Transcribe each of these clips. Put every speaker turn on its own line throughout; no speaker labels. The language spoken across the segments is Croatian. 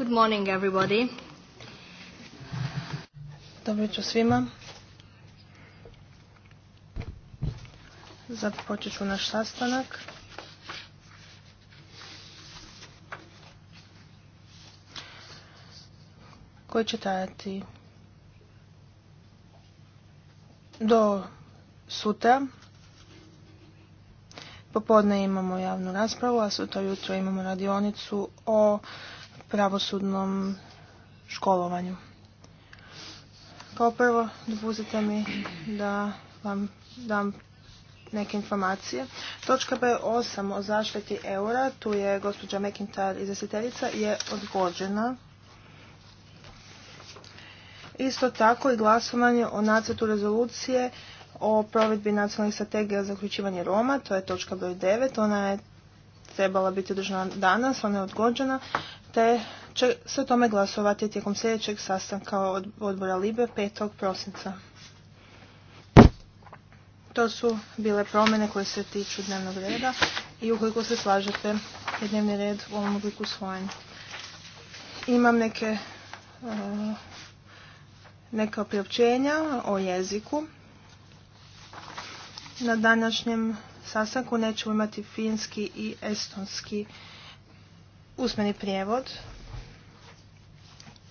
Good morning Dobro jutro svima. Započet ću naš sastanak. Koji će trajati do sutra. Popodne imamo javnu raspravu, a sutra jutro imamo radionicu o pravosudnom školovanju. Kao prvo, dopustite mi da vam dam neke informacije. Točka B8 o zaštiti eura, tu je gospođa McIntyre izvjestiteljica, je odgođena. Isto tako i glasovanje o nacrtu rezolucije o provedbi nacionalnih strategija za uključivanje Roma, to je točka broj 9, ona je trebala biti održana danas, ona je odgođena te će se tome glasovati tijekom sljedećeg sastanka od odbora Libe 5. prosinca. To su bile promjene koje se tiču dnevnog reda i ukoliko se slažete je dnevni red u ovom obliku usvojen. Imam neke e, neka priopćenja o jeziku. Na današnjem sastanku nećemo imati finski i estonski usmeni prijevod.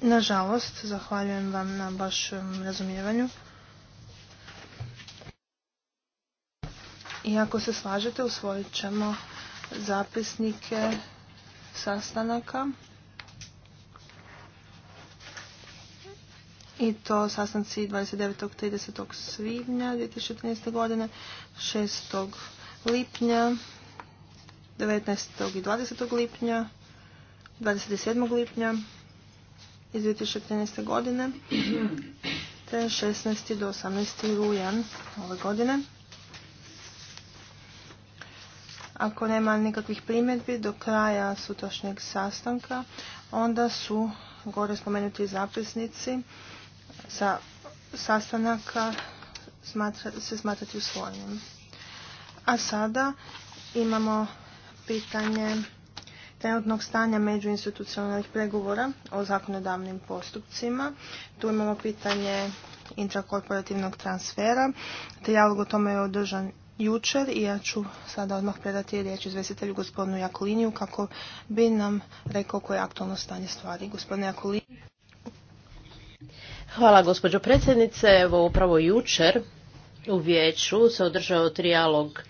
Nažalost, zahvaljujem vam na vašem razumijevanju. I ako se slažete, usvojit ćemo zapisnike sastanaka. I to sastanci 29. 30. svibnja 2013. godine, 6. lipnja, 19. i 20. lipnja, 27. lipnja iz 2013. godine te 16. do 18. rujan ove godine. Ako nema nikakvih primjedbi do kraja sutrašnjeg sastanka, onda su gore spomenuti zapisnici sa sastanaka se smatrati usvojenim. A sada imamo pitanje trenutnog stanja međuinstitucionalnih pregovora o zakonodavnim postupcima. Tu imamo pitanje intrakorporativnog transfera. Trijalog o tome je održan jučer i ja ću sada odmah predati riječ izvjestitelju gospodinu Jakoliniju kako bi nam rekao koje je aktualno stanje stvari. Gospodine Jakolini.
Hvala gospođo predsjednice. Evo upravo jučer u vijeću se održao trijalog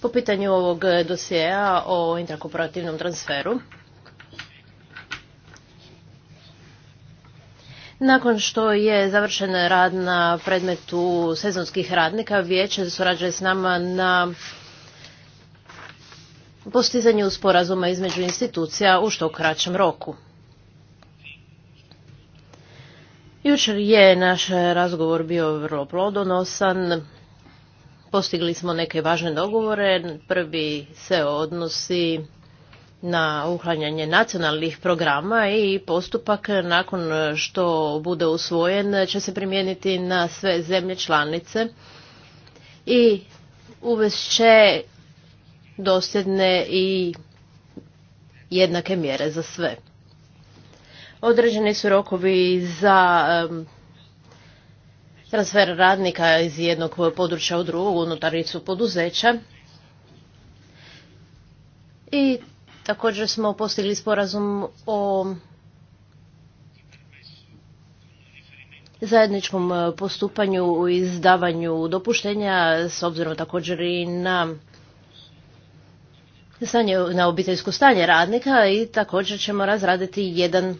po pitanju ovog dosjeja o intrakooperativnom transferu. Nakon što je završen rad na predmetu sezonskih radnika, vijeće surađuje s nama na postizanju sporazuma između institucija u što kraćem roku. Jučer je naš razgovor bio vrlo plodonosan. Postigli smo neke važne dogovore. Prvi se odnosi na uhlanjanje nacionalnih programa i postupak nakon što bude usvojen će se primijeniti na sve zemlje članice i uvest će dosljedne i jednake mjere za sve. Određeni su rokovi za transfer radnika iz jednog područja u drugu, unutaricu poduzeća. I također smo postigli sporazum o zajedničkom postupanju u izdavanju dopuštenja s obzirom također i na stanje, na obiteljsko stanje radnika i također ćemo razraditi jedan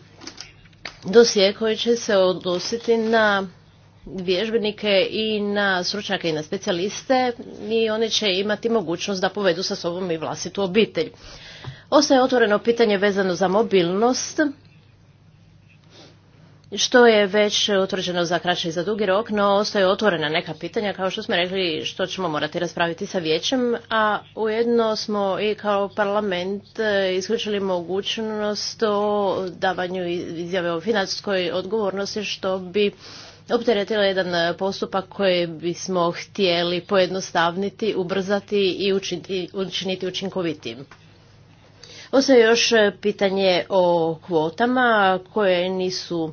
dosije koji će se odnositi na vježbenike i na stručnjake i na specijaliste i oni će imati mogućnost da povedu sa sobom i vlastitu obitelj. Ostaje otvoreno pitanje vezano za mobilnost, što je već utvrđeno za kraći i za dugi rok, no ostaje otvorena neka pitanja, kao što smo rekli, što ćemo morati raspraviti sa vijećem, a ujedno smo i kao parlament e, isključili mogućnost o davanju izjave o financijskoj odgovornosti, što bi opteretila jedan e, postupak koji bismo htjeli pojednostavniti, ubrzati i učiniti učinkovitim. Ostaje još e, pitanje o kvotama koje nisu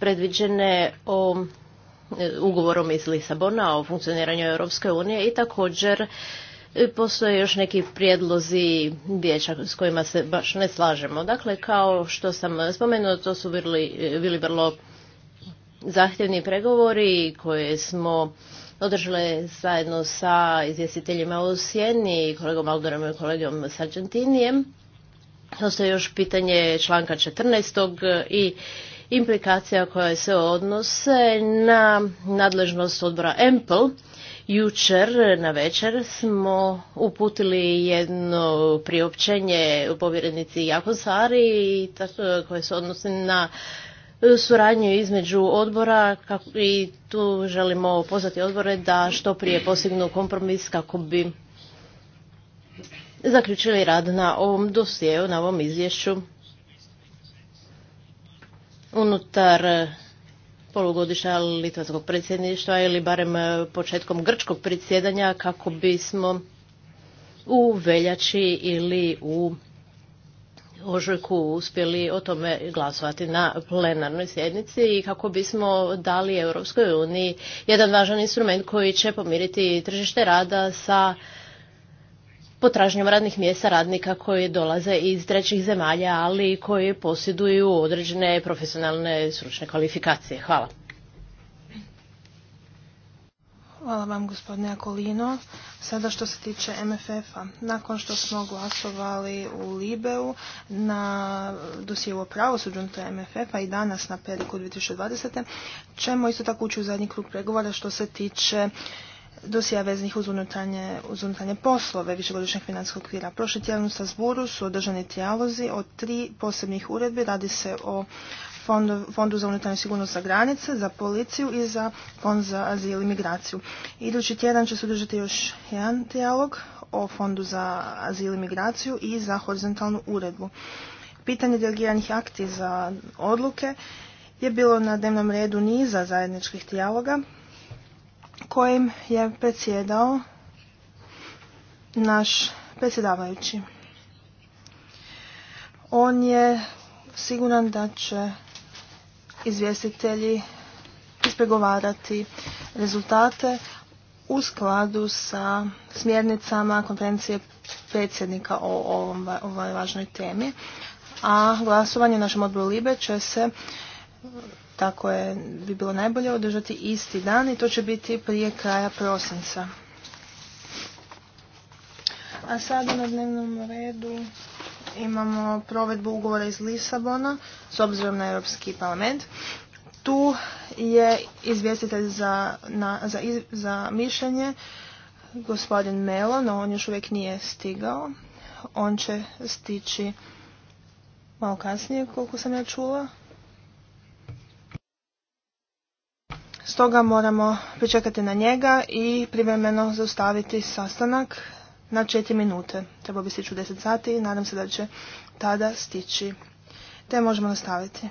predviđene o e, ugovorom iz Lisabona o funkcioniranju Europske unije i također postoje još neki prijedlozi vijeća s kojima se baš ne slažemo. Dakle, kao što sam spomenula, to su bili, bili vrlo zahtjevni pregovori koje smo održali zajedno sa izvjestiteljima u Sjeni, kolegom Aldorom i kolegom Sargentinijem. Ostaje još pitanje članka 14. i implikacija koje se odnose na nadležnost odbora EMPL. Jučer na večer smo uputili jedno priopćenje u povjerenici Jakosari koje se odnose na suradnju između odbora i tu želimo pozvati odbore da što prije postignu kompromis kako bi zaključili rad na ovom dosjeu, na ovom izvješću unutar polugodišta litvanskog predsjedništva ili barem početkom grčkog predsjedanja kako bismo u veljači ili u ožujku uspjeli o tome glasovati na plenarnoj sjednici i kako bismo dali Europskoj uniji jedan važan instrument koji će pomiriti tržište rada sa potražnjom radnih mjesta radnika koji dolaze iz trećih zemalja, ali koji posjeduju određene profesionalne stručne kvalifikacije. Hvala.
Hvala vam gospodine Akolino. Sada što se tiče MFF-a, nakon što smo glasovali u Libeu na dosijevu o pravosuđu unutar MFF-a i danas na periku 2020. ćemo isto tako ući u zadnji krug pregovora što se tiče dosija veznih uz unutarnje, poslove višegodišnjeg financijskog okvira. Prošli tjedan u Strasburu su održani trijalozi od tri posebnih uredbi. Radi se o fondu, za unutarnju sigurnost za granice, za policiju i za fond za azil i migraciju. Idući tjedan će se održati još jedan dijalog o fondu za azil i migraciju i za horizontalnu uredbu. Pitanje delegiranih akti za odluke je bilo na dnevnom redu niza zajedničkih dijaloga kojim je predsjedao naš predsjedavajući. On je siguran da će izvjestitelji ispregovarati rezultate u skladu sa smjernicama konferencije predsjednika o ovom, ovoj važnoj temi. A glasovanje u našem odboru Libe će se, tako je, bi bilo najbolje održati isti dan i to će biti prije kraja prosinca. A sada na dnevnom redu imamo provedbu ugovora iz Lisabona s obzirom na Europski parlament. Tu je izvjestitelj za, na, za, za mišljenje gospodin Melo, no on još uvijek nije stigao. On će stići malo kasnije, koliko sam ja čula. Stoga moramo pričekati na njega i privremeno zaustaviti sastanak na četiri minute. trebao bi stići u deset sati i nadam se da će tada stići. Te možemo nastaviti.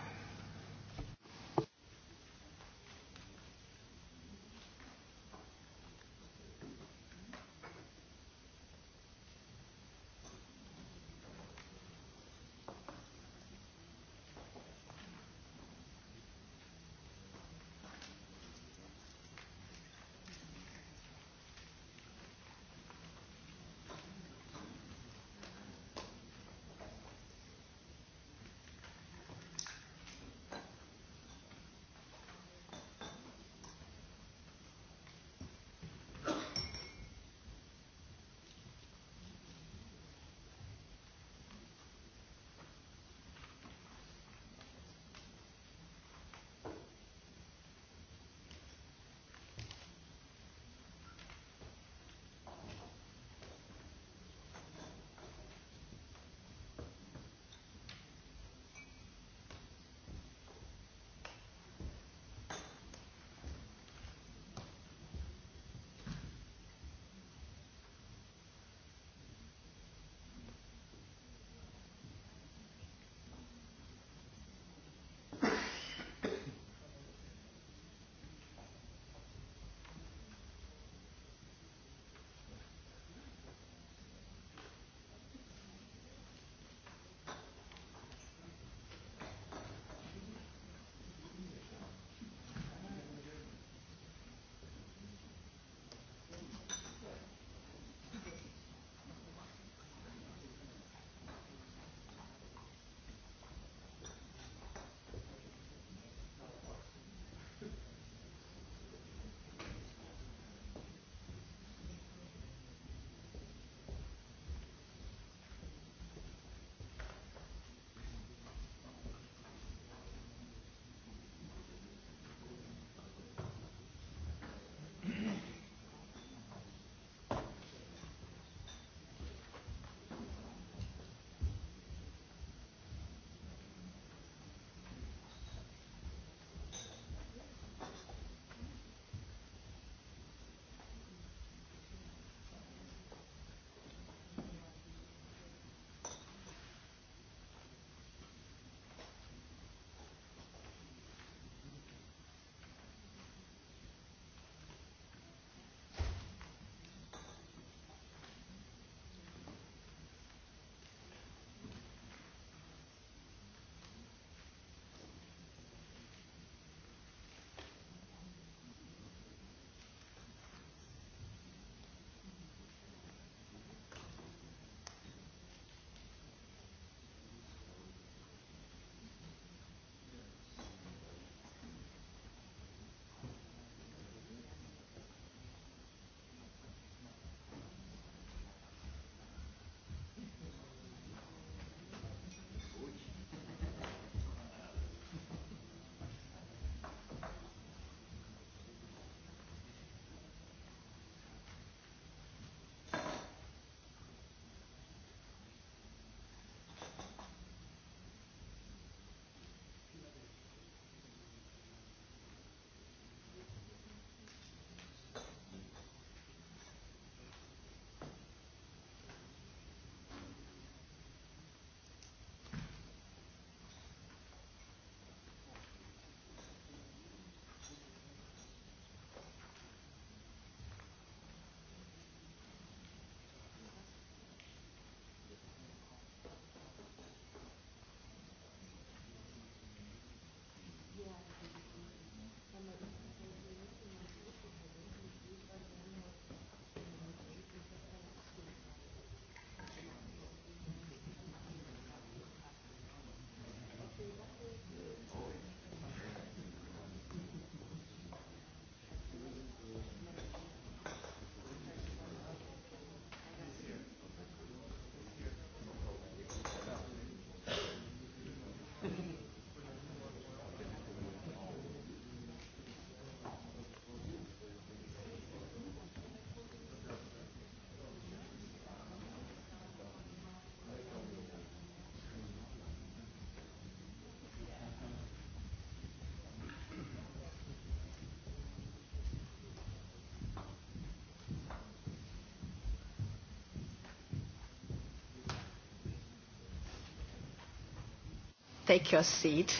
take your seat,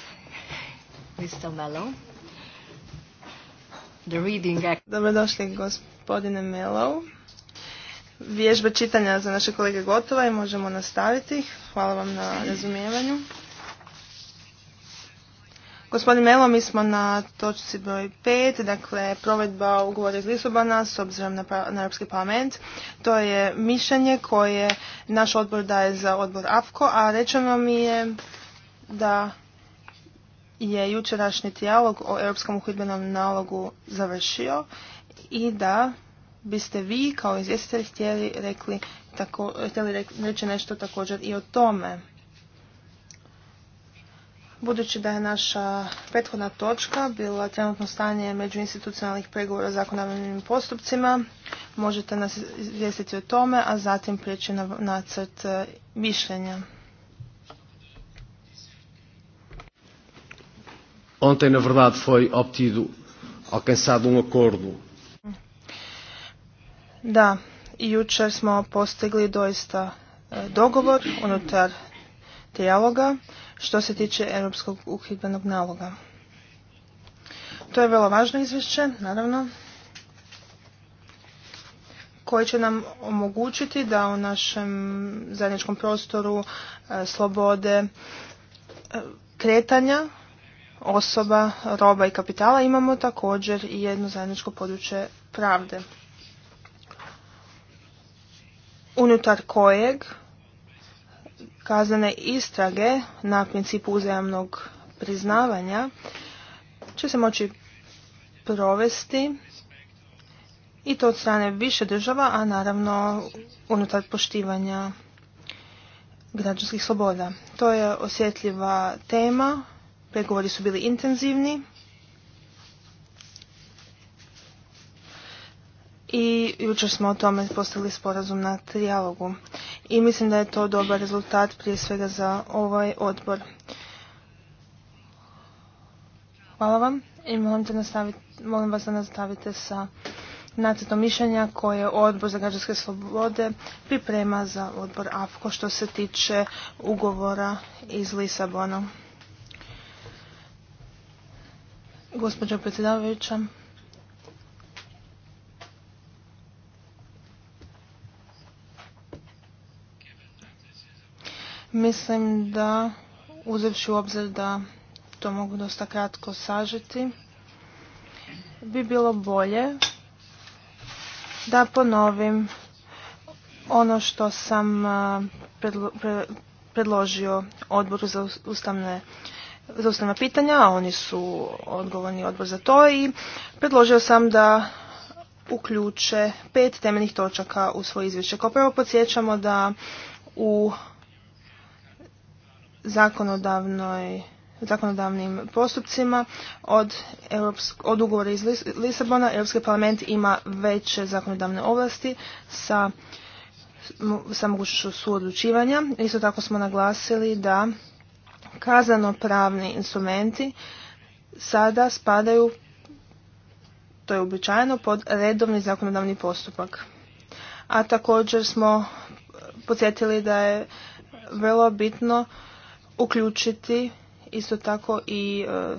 Mr. The reading
Dobrodošli gospodine Mello. Vježba čitanja za naše kolege gotova i možemo nastaviti. Hvala vam na razumijevanju. Gospodin Melo, mi smo na točci broj 5, dakle provedba ugovora iz Lisobana s obzirom na, pa-, na Europski parlament. To je mišljenje koje naš odbor daje za odbor AFKO, a rečeno mi je da je jučerašnji dijalog o Europskom uhidbenom nalogu završio i da biste vi kao izvjestitelj htjeli, rekli, tako, htjeli reći nešto također i o tome. Budući da je naša prethodna točka bila trenutno stanje institucionalnih pregovora o zakonodavnim postupcima, možete nas izvijestiti o tome, a zatim prijeći na nacrt e, mišljenja.
Ontem, na verdade, foi obtido, alcançado um acordo.
Da, i jučer smo postigli doista e, dogovor unutar dijaloga što se tiče Europskog uhidbenog naloga. To je vrlo važno izvješće, naravno, koje će nam omogućiti da u našem zajedničkom prostoru e, slobode e, kretanja osoba, roba i kapitala imamo također i jedno zajedničko područje pravde. Unutar kojeg kaznene istrage na principu uzajamnog priznavanja će se moći provesti i to od strane više država, a naravno unutar poštivanja građanskih sloboda. To je osjetljiva tema Pregovori su bili intenzivni. I jučer smo o tome postavili sporazum na trijalogu. I mislim da je to dobar rezultat prije svega za ovaj odbor. Hvala vam i molim, vas da nastavite sa nacrtom mišljenja koje Odbor za građanske slobode priprema za Odbor AFKO što se tiče ugovora iz Lisabona. Gospođo predsjedavajuća, mislim da uzevši u obzir da to mogu dosta kratko sažeti, bi bilo bolje da ponovim ono što sam eh, predložio odboru za ustavne za pitanja, a oni su odgovorni odbor za to i predložio sam da uključe pet temeljnih točaka u svoje izvješće. Kao prvo podsjećamo da u zakonodavnoj zakonodavnim postupcima od, Europsk, ugovora iz Lisabona Europski parlament ima veće zakonodavne ovlasti sa, sa mogućnošću suodlučivanja. Isto tako smo naglasili da kazano-pravni instrumenti sada spadaju, to je uobičajeno, pod redovni zakonodavni postupak. A također smo podsjetili da je vrlo bitno uključiti isto tako i e,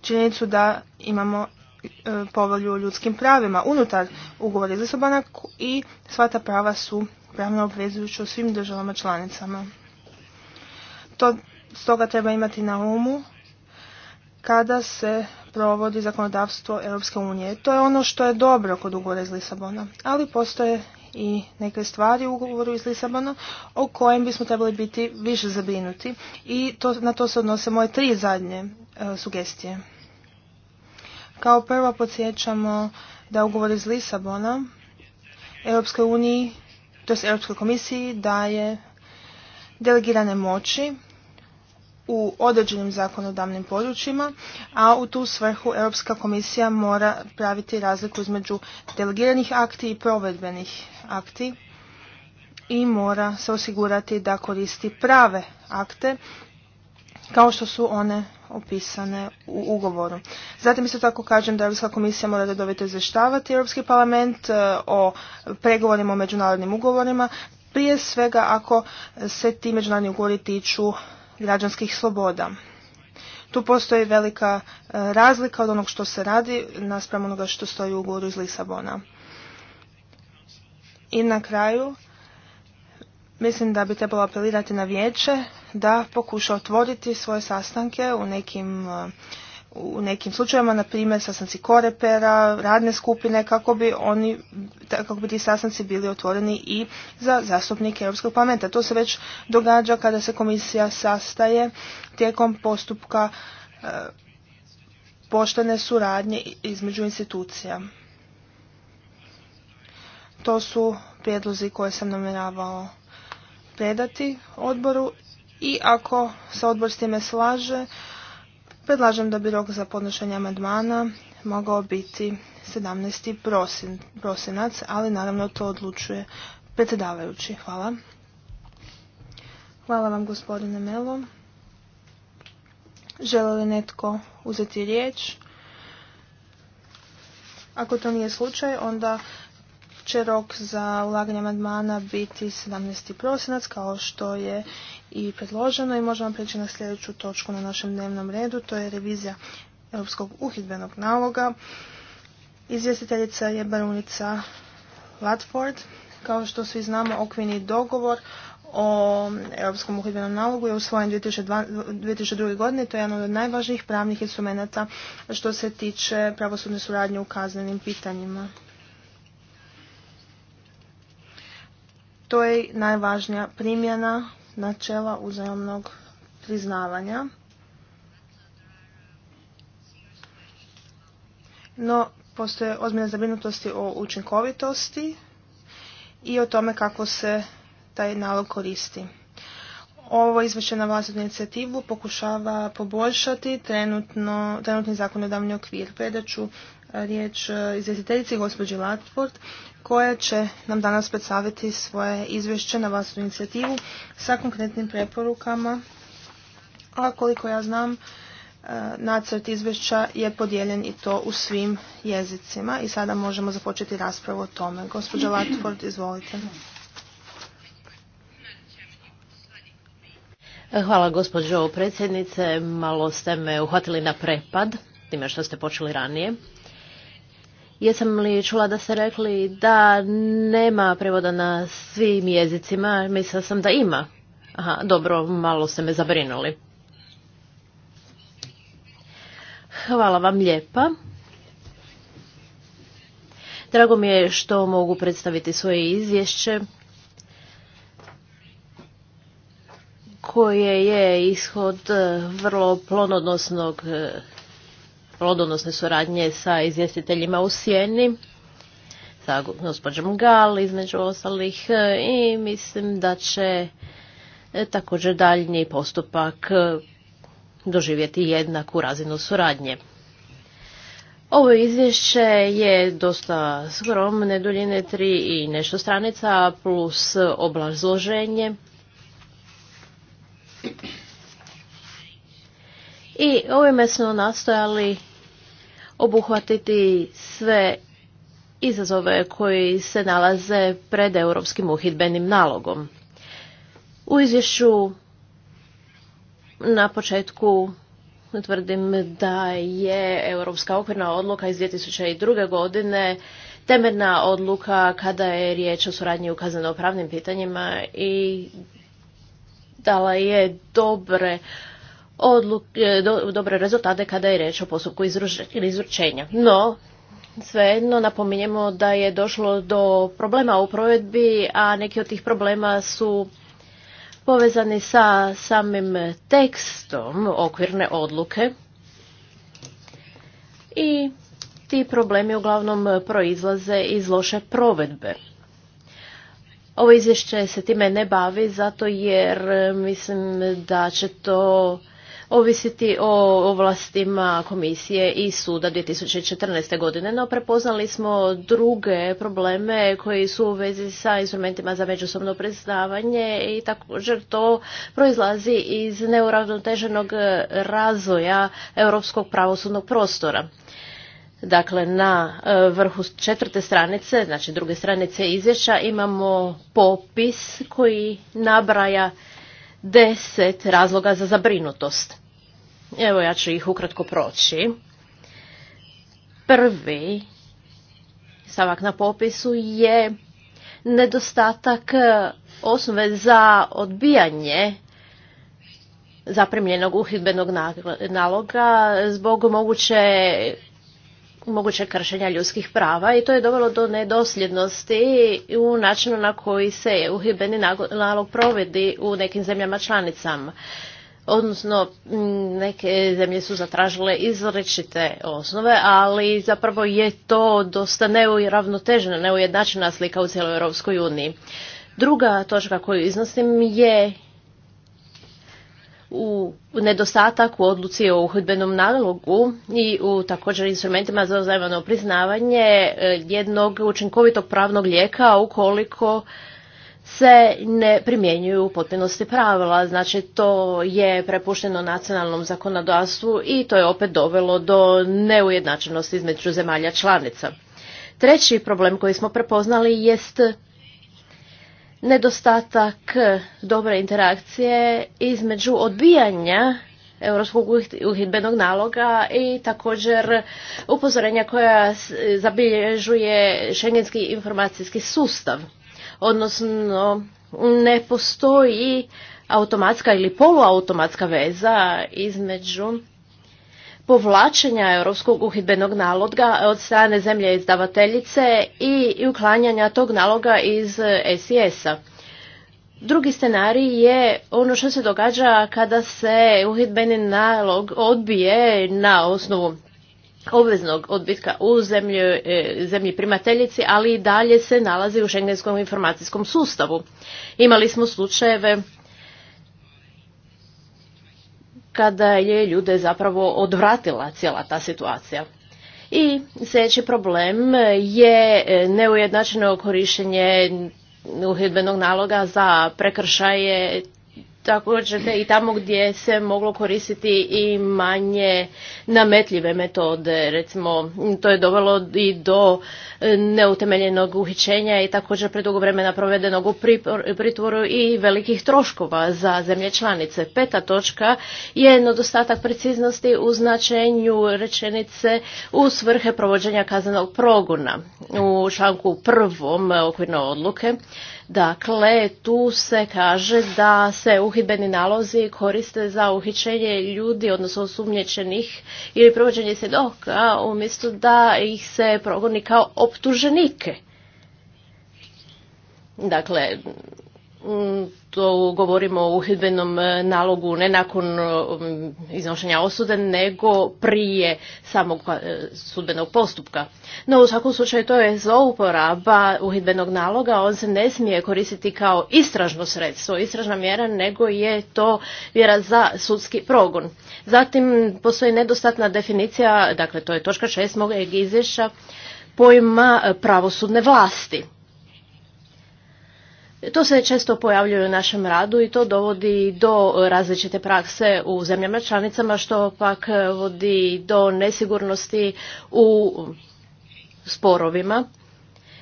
činjenicu da imamo e, povolju o ljudskim pravima unutar ugovora iz sobanak i sva ta prava su pravno obvezujuća u svim državama članicama. To Stoga treba imati na umu kada se provodi zakonodavstvo Europske unije. To je ono što je dobro kod ugovora iz Lisabona, ali postoje i neke stvari u ugovoru iz Lisabona o kojem bismo trebali biti više zabrinuti i to, na to se odnose moje tri zadnje e, sugestije. Kao prvo podsjećamo da ugovor iz Lisabona Europskoj uniji, to Europskoj komisiji daje delegirane moći u određenim zakonodavnim područjima, a u tu svrhu Europska komisija mora praviti razliku između delegiranih akti i provedbenih akti i mora se osigurati da koristi prave akte kao što su one opisane u ugovoru. Zatim isto tako kažem da Europska komisija mora redovito izvještavati Europski parlament e, o pregovorima o međunarodnim ugovorima, prije svega ako se ti međunarodni ugovori tiču građanskih sloboda. Tu postoji velika e, razlika od onog što se radi naspram onoga što stoji u ugovoru iz Lisabona. I na kraju, mislim da bi trebalo apelirati na vijeće da pokuša otvoriti svoje sastanke u nekim e, u nekim slučajevima, na primjer sastanci korepera, radne skupine, kako bi, oni, kako bi ti sastanci bili otvoreni i za zastupnike Europskog parlamenta. To se već događa kada se komisija sastaje tijekom postupka e, poštene suradnje između institucija. To su prijedlozi koje sam namjeravao predati odboru i ako se odbor s time slaže, Predlažem da bi rok za podnošenje amandmana mogao biti 17. prosinac, ali naravno to odlučuje predsjedavajući. Hvala. Hvala vam gospodine Melo. Želi li netko uzeti riječ? Ako to nije slučaj, onda će rok za ulaganje amandmana biti 17. prosinac kao što je i predloženo i možemo preći na sljedeću točku na našem dnevnom redu, to je revizija Europskog uhidbenog naloga. Izvjestiteljica je barunica Latford. Kao što svi znamo, okvirni dogovor o Europskom uhidbenom nalogu je usvojen 2002. godine. To je jedan od najvažnijih pravnih instrumenta što se tiče pravosudne suradnje u kaznenim pitanjima. To je najvažnija primjena načela uzajamnog priznavanja. No, postoje ozbiljne zabrinutosti o učinkovitosti i o tome kako se taj nalog koristi. Ovo izvješće na vlastnu inicijativu pokušava poboljšati trenutni zakonodavni okvir. Predat riječ e, izvjestiteljici gospođi Latford koja će nam danas predstaviti svoje izvješće na vlastnu inicijativu sa konkretnim preporukama. A koliko ja znam, e, nacrt izvješća je podijeljen i to u svim jezicima i sada možemo započeti raspravu o tome. Gospođa Latford, izvolite.
Hvala gospođo predsjednice, malo ste me uhvatili na prepad, time što ste počeli ranije. Jesam li čula da ste rekli da nema prevoda na svim jezicima? Mislila sam da ima. Aha, dobro, malo ste me zabrinuli. Hvala vam lijepa. Drago mi je što mogu predstaviti svoje izvješće koje je ishod vrlo plonodnosnog plodonosne suradnje sa izvjestiteljima u Sjeni, sa gospođom Gal između ostalih e, i mislim da će e, također daljnji postupak e, doživjeti jednaku razinu suradnje. Ovo izvješće je dosta skromne duljine tri i nešto stranica plus obrazloženje. I ovime smo nastojali obuhvatiti sve izazove koji se nalaze pred europskim uhidbenim nalogom. U izvješću na početku tvrdim da je Europska okvirna odluka iz 2002. godine temeljna odluka kada je riječ o suradnji u pravnim pitanjima i dala je dobre odluke, dobre rezultate kada je reč o postupku izručenja. No, svejedno napominjemo da je došlo do problema u provedbi, a neki od tih problema su povezani sa samim tekstom okvirne odluke i ti problemi uglavnom proizlaze iz loše provedbe. Ovo izvješće se time ne bavi zato jer mislim da će to ovisiti o ovlastima komisije i suda 2014. godine, no prepoznali smo druge probleme koji su u vezi sa instrumentima za međusobno predstavanje i također to proizlazi iz neuravnoteženog razvoja europskog pravosudnog prostora. Dakle, na e, vrhu četvrte stranice, znači druge stranice izvješća, imamo popis koji nabraja deset razloga za zabrinutost. Evo ja ću ih ukratko proći. Prvi stavak na popisu je nedostatak e, osnove za odbijanje zaprimljenog uhidbenog naloga zbog moguće moguće kršenja ljudskih prava i to je dovelo do nedosljednosti u načinu na koji se uhibeni nalog provedi u nekim zemljama članicama. Odnosno, neke zemlje su zatražile izrečite osnove, ali zapravo je to dosta neuravnotežena, neujednačena slika u cijeloj Europskoj uniji. Druga točka koju iznosim je u nedostatak u odluci o uhudbenom nalogu i u također instrumentima za uzajemano priznavanje e, jednog učinkovitog pravnog lijeka ukoliko se ne primjenjuju u potpunosti pravila. Znači to je prepušteno nacionalnom zakonodavstvu i to je opet dovelo do neujednačenosti između zemalja članica. Treći problem koji smo prepoznali jest nedostatak eh, dobre interakcije između odbijanja europskog uhidbenog naloga i također upozorenja koja zabilježuje šengenski informacijski sustav. Odnosno, ne postoji automatska ili poluautomatska veza između povlačenja europskog uhidbenog naloga od strane zemlje izdavateljice i uklanjanja tog naloga iz eh, SIS-a. Drugi scenarij je ono što se događa kada se uhidbeni nalog odbije na osnovu obveznog odbitka u zemlji, eh, zemlji primateljici, ali i dalje se nalazi u šengenskom informacijskom sustavu. Imali smo slučajeve kada je ljude zapravo odvratila cijela ta situacija. I sljedeći problem je e, neujednačeno korištenje uhidbenog naloga za prekršaje također i tamo gdje se moglo koristiti i manje nametljive metode. Recimo, to je dovelo i do e, neutemeljenog uhićenja i također predugo vremena provedenog u pritvoru i velikih troškova za zemlje članice. Peta točka je nedostatak preciznosti u značenju rečenice u svrhe provođenja kaznenog progona. U članku prvom okvirne odluke Dakle, tu se kaže da se uhidbeni nalozi koriste za uhićenje ljudi, odnosno osumnjičenih ili provođenje svjedoka, umjesto da ih se progoni kao optuženike. Dakle, Mm, to govorimo o uhidbenom e, nalogu ne nakon e, iznošenja osude, nego prije samog e, sudbenog postupka. No u svakom slučaju to je zlouporaba uhidbenog naloga, on se ne smije koristiti kao istražno sredstvo, istražna mjera, nego je to vjera za sudski progon. Zatim postoji nedostatna definicija, dakle to je točka šest mog izvješća, pojma pravosudne vlasti. To se često pojavljuje u našem radu i to dovodi do različite prakse u zemljama članicama što pak e, vodi do nesigurnosti u sporovima.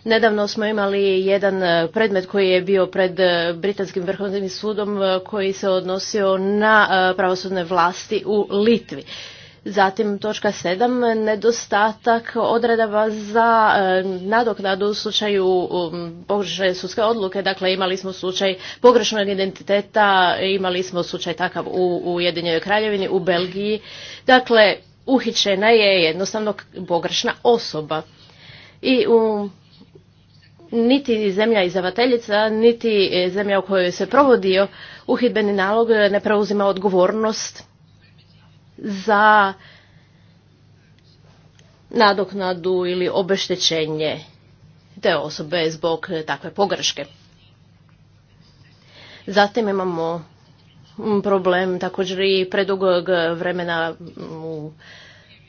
Nedavno smo imali jedan e, predmet koji je bio pred e, Britanskim vrhovnim sudom koji se odnosio na pravosudne vlasti u Litvi. Zatim točka 7. Nedostatak odredava za e, nadoknadu u slučaju um, pogrešne sudske odluke. Dakle, imali smo slučaj pogrešnog identiteta, imali smo slučaj takav u Ujedinjenoj kraljevini, u Belgiji. Dakle, uhičena je jednostavno pogrešna osoba. I u niti zemlja izavateljica, niti e, zemlja u kojoj se provodio uhidbeni nalog ne preuzima odgovornost za nadoknadu ili obeštećenje te osobe zbog takve pogreške. Zatim imamo problem također i predugog vremena u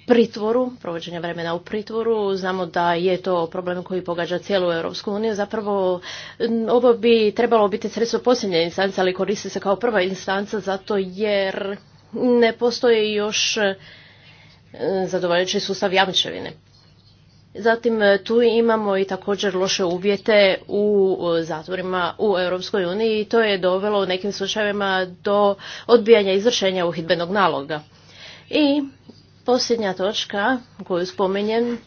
pritvoru, provođenja vremena u pritvoru. Znamo da je to problem koji pogađa cijelu Europsku uniju. Zapravo ovo bi trebalo biti sredstvo posljednje instance, ali koristi se kao prva instanca zato jer ne postoji još e, zadovoljavajući sustav jamčevine. Zatim e, tu imamo i također loše uvjete u e, zatvorima u Europskoj uniji i to je dovelo u nekim slučajevima do odbijanja izvršenja uhidbenog naloga. I posljednja točka koju spomenjem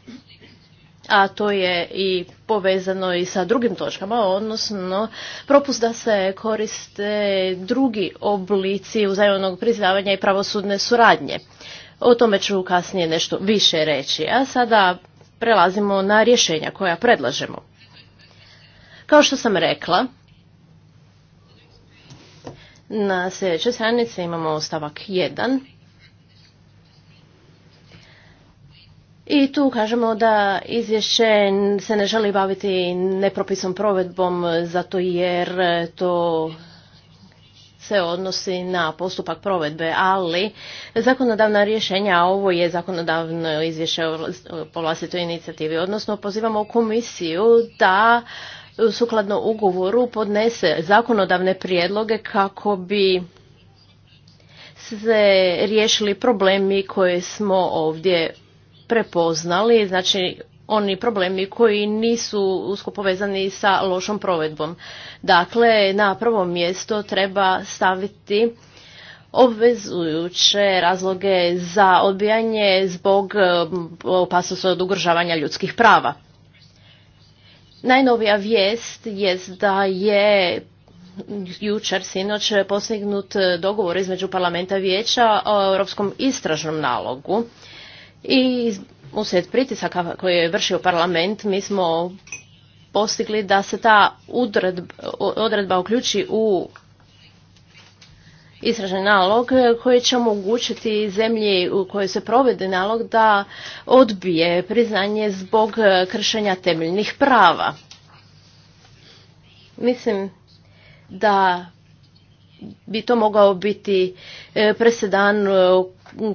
a to je i povezano i sa drugim točkama, odnosno propust da se koriste drugi oblici uzajemnog priznavanja i pravosudne suradnje. O tome ću kasnije nešto više reći, a sada prelazimo na rješenja koja predlažemo. Kao što sam rekla, na sljedećoj stranici imamo stavak 1 I tu kažemo da izvješće se ne želi baviti nepropisom provedbom zato jer to se odnosi na postupak provedbe, ali zakonodavna rješenja, a ovo je zakonodavno izvješće po vlastitoj inicijativi, odnosno pozivamo komisiju da sukladno ugovoru podnese zakonodavne prijedloge kako bi se riješili problemi koje smo ovdje prepoznali, znači oni problemi koji nisu usko povezani sa lošom provedbom. Dakle, na prvo mjesto treba staviti obvezujuće razloge za odbijanje zbog um, opasnosti od ugrožavanja ljudskih prava. Najnovija vijest je da je jučer, sinoć, postignut dogovor između parlamenta vijeća o europskom istražnom nalogu i uslijed pritisaka koje je vršio parlament mi smo postigli da se ta odredba uključi u istražni nalog koji će omogućiti zemlji u kojoj se provede nalog da odbije priznanje zbog kršenja temeljnih prava. Mislim da bi to mogao biti e, presedan e,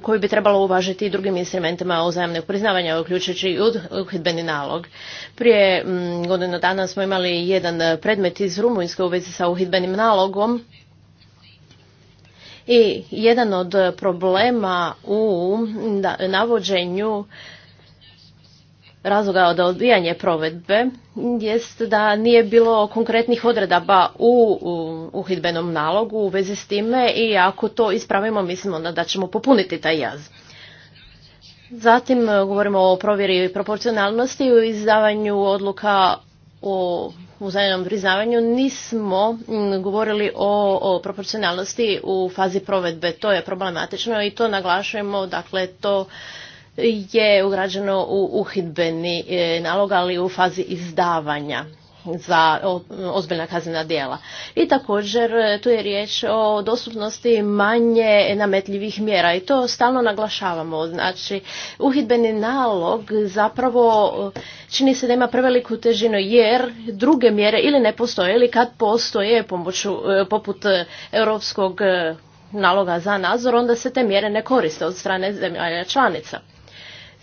koji bi trebalo uvažiti i drugim instrumentima uzajamnog priznavanja, uključujući i uhidbeni nalog. Prije mm, godinu dana smo imali jedan predmet iz Rumunjske u vezi sa uhidbenim nalogom i jedan od problema u navođenju razloga od odbijanje provedbe jest da nije bilo konkretnih odredaba u uhidbenom nalogu u vezi s time i ako to ispravimo mislimo da ćemo popuniti taj jaz. Zatim e, govorimo o provjeri proporcionalnosti u izdavanju odluka o uzajemnom priznavanju nismo govorili o, o proporcionalnosti u fazi provedbe. To je problematično i to naglašujemo, dakle to je ugrađeno u uhidbeni e, nalog, ali u fazi izdavanja za ozbiljna kaznena djela. I također e, tu je riječ o dostupnosti manje nametljivih mjera i to stalno naglašavamo. Znači, uhidbeni nalog zapravo e, čini se da ima preveliku težinu jer druge mjere ili ne postoje ili kad postoje pomoću, poput europskog naloga za nadzor, onda se te mjere ne koriste od strane zemlja članica.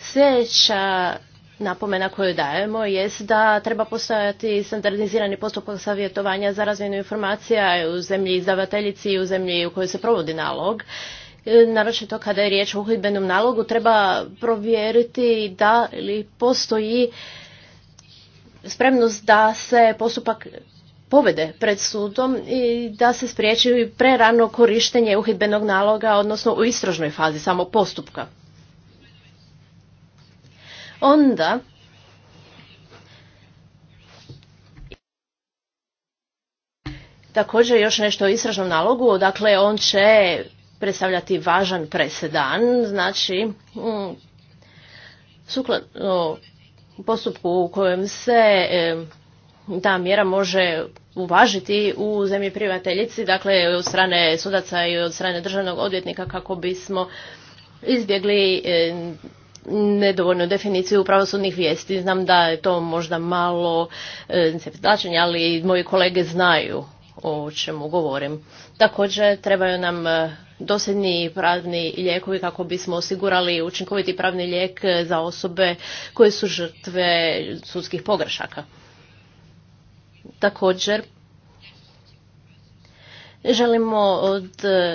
Sljedeća napomena koju dajemo jest da treba postojati standardizirani postupak savjetovanja za razmjenu informacija u zemlji izdavateljici i u zemlji u kojoj se provodi nalog. to kada je riječ o uhidbenom nalogu treba provjeriti da li postoji spremnost da se postupak povede pred sudom i da se spriječi prerano korištenje uhidbenog naloga, odnosno u istražnoj fazi samo postupka onda Također još nešto o istražnom nalogu, dakle on će predstavljati važan presedan, znači mm, sukladno postupku u kojem se ta mjera može uvažiti u zemlji privateljici, dakle od strane sudaca i od strane državnog odvjetnika kako bismo izbjegli nedovoljnu definiciju pravosudnih vijesti. Znam da je to možda malo e, neceptačenje, ali moji kolege znaju o čemu govorim. Također trebaju nam e, dosljedni pravni lijekovi kako bismo osigurali učinkoviti pravni lijek e, za osobe koje su žrtve sudskih pogrešaka. Također želimo od,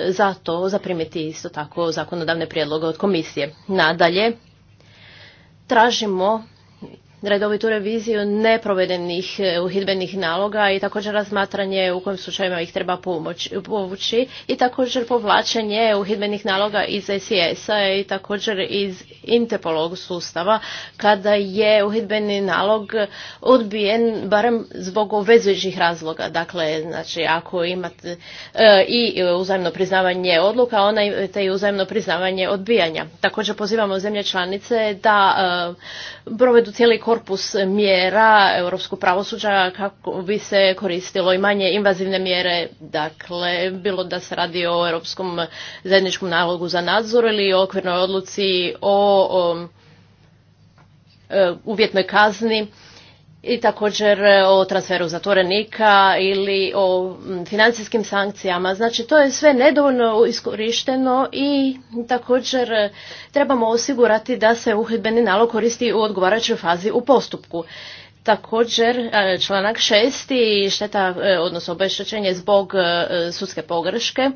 zato zaprimiti isto tako zakonodavne prijedloge od komisije. Nadalje, tražimo redovitu reviziju neprovedenih e, uhidbenih naloga i također razmatranje u kojim slučajevima ih treba povući i također povlačenje uhidbenih naloga iz SIS-a i također iz Interpolog sustava kada je uhidbeni nalog odbijen barem zbog obvezujućih razloga. Dakle, znači ako imate e, i uzajemno priznavanje odluka, ona te i uzajemno priznavanje odbijanja. Također pozivamo zemlje članice da e, provedu cijeli korpus mjera europskog pravosuđa kako bi se koristilo i manje invazivne mjere, dakle bilo da se radi o europskom zajedničkom nalogu za nadzor ili o okvirnoj odluci o, o e, uvjetnoj kazni i također e, o transferu zatvorenika ili o financijskim sankcijama. Znači to je sve nedovoljno iskorišteno i također e, trebamo osigurati da se uhidbeni nalog koristi u odgovarajućoj fazi u postupku. Također e, članak 6. šteta, odnosno obeštećenje zbog sudske pogreške.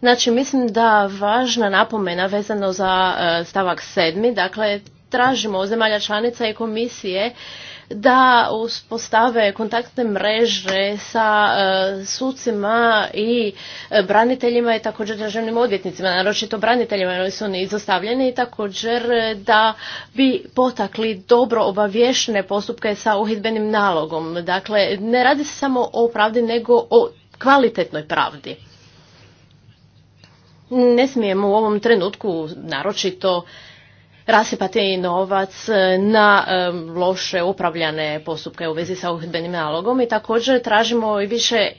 Znači mislim da važna napomena vezano za stavak 7. Dakle tražimo od zemalja članica i komisije da uspostave kontaktne mreže sa e, sucima i e, braniteljima i također državnim odvjetnicima, naročito braniteljima jer su oni izostavljeni i također e, da bi potakli dobro obavješene postupke sa uhidbenim nalogom. Dakle, ne radi se samo o pravdi nego o kvalitetnoj pravdi. Ne smijemo u ovom trenutku naročito rasipati novac e, na e, loše upravljane postupke u vezi sa uhidbenim nalogom i također tražimo i više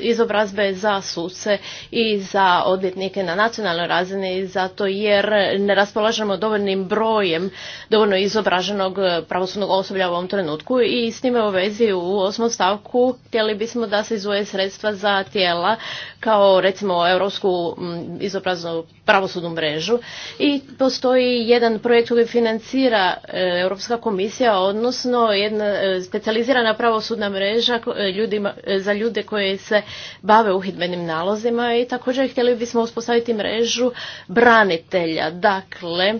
izobrazbe za suce i za odvjetnike na nacionalnoj razini zato jer ne raspolažemo dovoljnim brojem dovoljno izobraženog e, pravosudnog osoblja u ovom trenutku i s time u vezi u osmom stavku htjeli bismo da se izvoje sredstva za tijela kao recimo Europsku mm, izobraznu pravosudnu mrežu i postoji jedan projekt koji financira e, Europska komisija, odnosno jedna e, specijalizirana pravosudna mreža e, ljudima, za ljude koji se bave uhidbenim nalozima i također htjeli bismo uspostaviti mrežu branitelja. Dakle,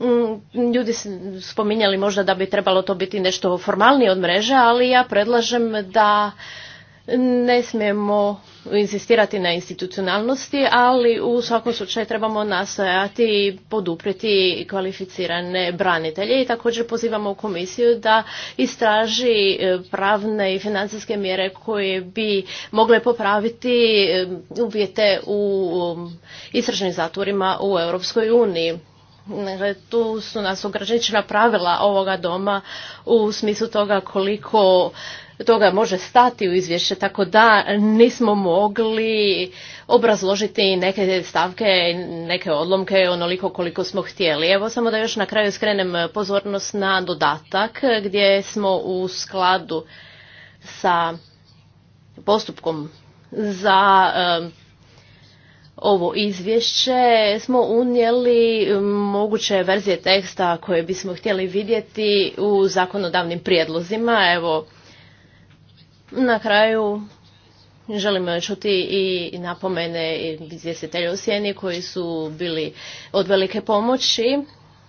mm, ljudi spominjali možda da bi trebalo to biti nešto formalnije od mreže, ali ja predlažem da ne smijemo insistirati na institucionalnosti, ali u svakom slučaju trebamo nastojati poduprijeti kvalificirane branitelje i također pozivamo komisiju da istraži e, pravne i financijske mjere koje bi mogle popraviti e, uvjete u istražnim zatvorima u Europskoj uniji. Dakle, tu su nas ograničena pravila ovoga doma u smislu toga koliko toga može stati u izvješće, tako da nismo mogli obrazložiti neke stavke, neke odlomke onoliko koliko smo htjeli. Evo samo da još na kraju skrenem pozornost na dodatak gdje smo u skladu sa postupkom za ovo izvješće smo unijeli moguće verzije teksta koje bismo htjeli vidjeti u zakonodavnim prijedlozima. Evo, na kraju želim čuti i napomene izvjestitelja u sjeni koji su bili od velike pomoći.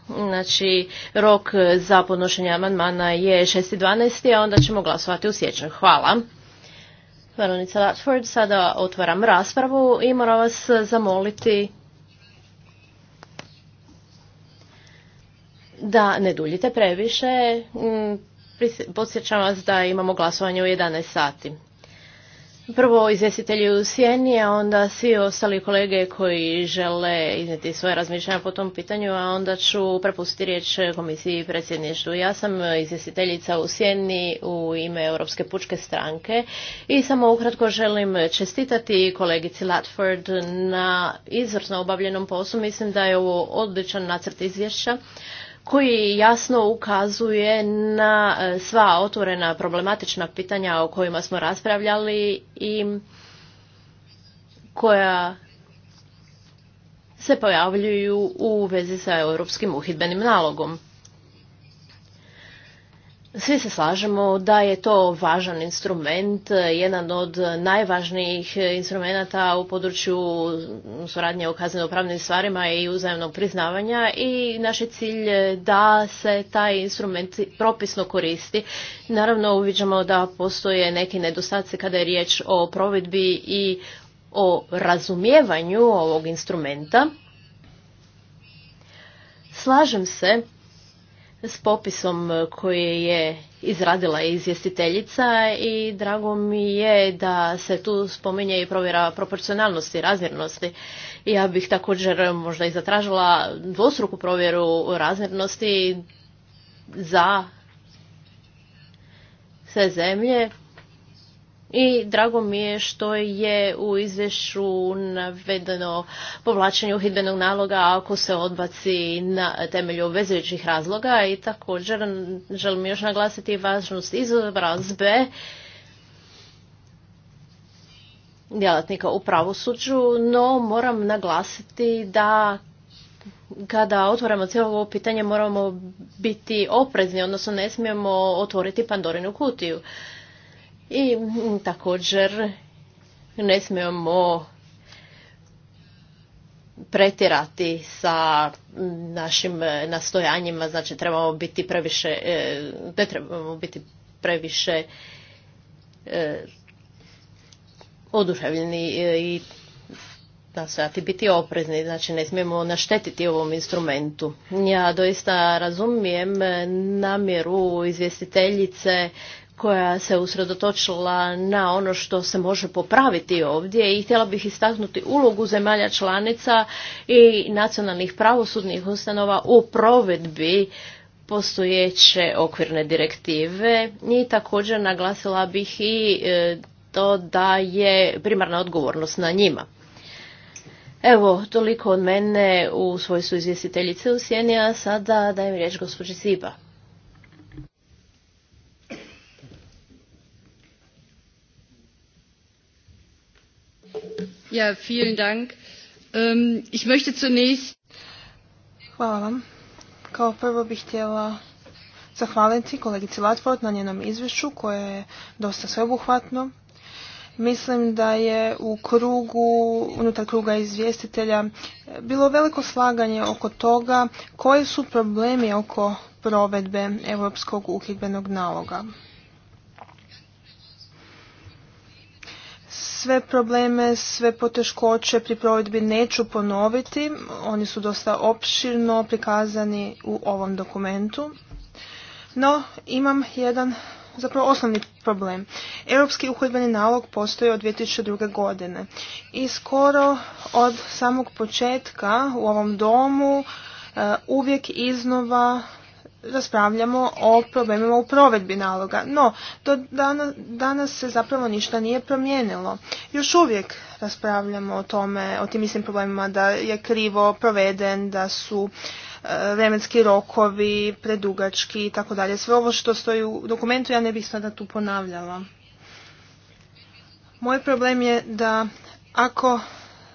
Znači, rok za podnošenje amandmana je 6.12. a onda ćemo glasovati u siječnju. Hvala. Veronica Latford, sada otvaram raspravu i moram vas zamoliti da ne duljite previše. Podsjećam vas da imamo glasovanje u 11 sati. Prvo izvjestitelji u sjeni, a onda svi ostali kolege koji žele izneti svoje razmišljanja po tom pitanju, a onda ću prepustiti riječ komisiji i predsjedništvu. Ja sam izvjestiteljica u sjeni u ime Europske pučke stranke i samo ukratko želim čestitati kolegici Latford na izvrsno obavljenom poslu. Mislim da je ovo odličan nacrt izvješća koji jasno ukazuje na e, sva otvorena problematična pitanja o kojima smo raspravljali i koja se pojavljuju u vezi sa europskim uhidbenim nalogom. Svi se slažemo da je to važan instrument, jedan od najvažnijih instrumenta u području suradnje u kaznenopravnim stvarima i uzajemnog priznavanja i naš je cilj da se taj instrument propisno koristi. Naravno uviđamo da postoje neki nedostaci kada je riječ o provedbi i o razumijevanju ovog instrumenta. Slažem se s popisom e, koji je izradila izvjestiteljica i drago mi je da se tu spominje i provjera proporcionalnosti i razmjernosti. Ja bih također možda i zatražila dvostruku provjeru razmjernosti za sve zemlje i drago mi je što je u izvješću navedeno povlačenje uhidbenog naloga ako se odbaci na temelju obvezujućih razloga i također želim još naglasiti važnost izobrazbe djelatnika u pravosuđu, no moram naglasiti da kada otvaramo cijelo ovo pitanje moramo biti oprezni, odnosno ne smijemo otvoriti Pandorinu kutiju. I mm, također ne smijemo pretjerati sa mm, našim e, nastojanjima, znači trebamo biti previše, e, ne trebamo biti previše e, oduševljeni i nastojati biti oprezni, znači ne smijemo naštetiti ovom instrumentu. Ja doista razumijem namjeru izvjestiteljice koja se usredotočila na ono što se može popraviti ovdje i htjela bih istaknuti ulogu zemalja članica i nacionalnih pravosudnih ustanova u provedbi postojeće okvirne direktive i također naglasila bih i e, to da je primarna odgovornost na njima. Evo, toliko od mene u svojstvu izvjestiteljice u Sjeni, a sada dajem riječ gospođi Siba.
Ja, vielen ähm, Hvala vam. Kao prvo bih htjela zahvaliti kolegici Latvort na njenom izvješću koje je dosta sveobuhvatno. Mislim da je u krugu, unutar kruga izvjestitelja, bilo veliko slaganje oko toga koji su problemi oko provedbe Europskog uhidbenog naloga. Sve probleme, sve poteškoće pri provedbi neću ponoviti, oni su dosta opširno prikazani u ovom dokumentu. No, imam jedan zapravo osnovni problem. Europski uhodbeni nalog postoji od 2002. godine i skoro od samog početka u ovom domu e, uvijek iznova raspravljamo o problemima u provedbi naloga. No, do danas, danas se zapravo ništa nije promijenilo. Još uvijek raspravljamo o tome, o tim istim problemima da je krivo proveden, da su e, vremenski rokovi, predugački i tako dalje. Sve ovo što stoji u dokumentu ja ne bih sada tu ponavljala. Moj problem je da ako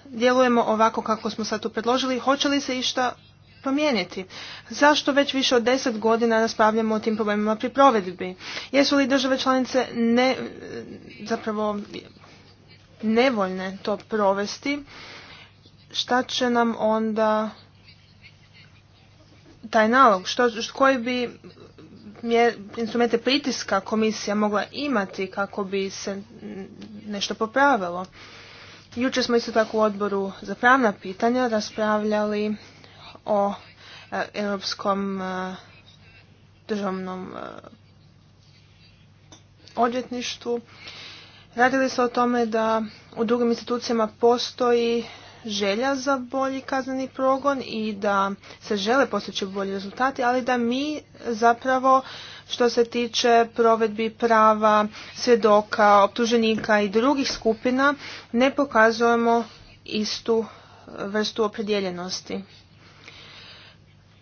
djelujemo ovako kako smo sad tu predložili, hoće li se išta promijeniti? Zašto već više od deset godina raspravljamo o tim problemima pri provedbi? Jesu li države članice ne, zapravo nevoljne to provesti? Šta će nam onda taj nalog? Što, koji bi instrumente pritiska komisija mogla imati kako bi se nešto popravilo? Jučer smo isto tako u odboru za pravna pitanja raspravljali o e, europskom e, državnom e, odvjetništvu. Radili se o tome da u drugim institucijama postoji želja za bolji kazneni progon i da se žele postići bolji rezultati, ali da mi zapravo što se tiče provedbi prava svjedoka, optuženika i drugih skupina ne pokazujemo istu vrstu opredjeljenosti.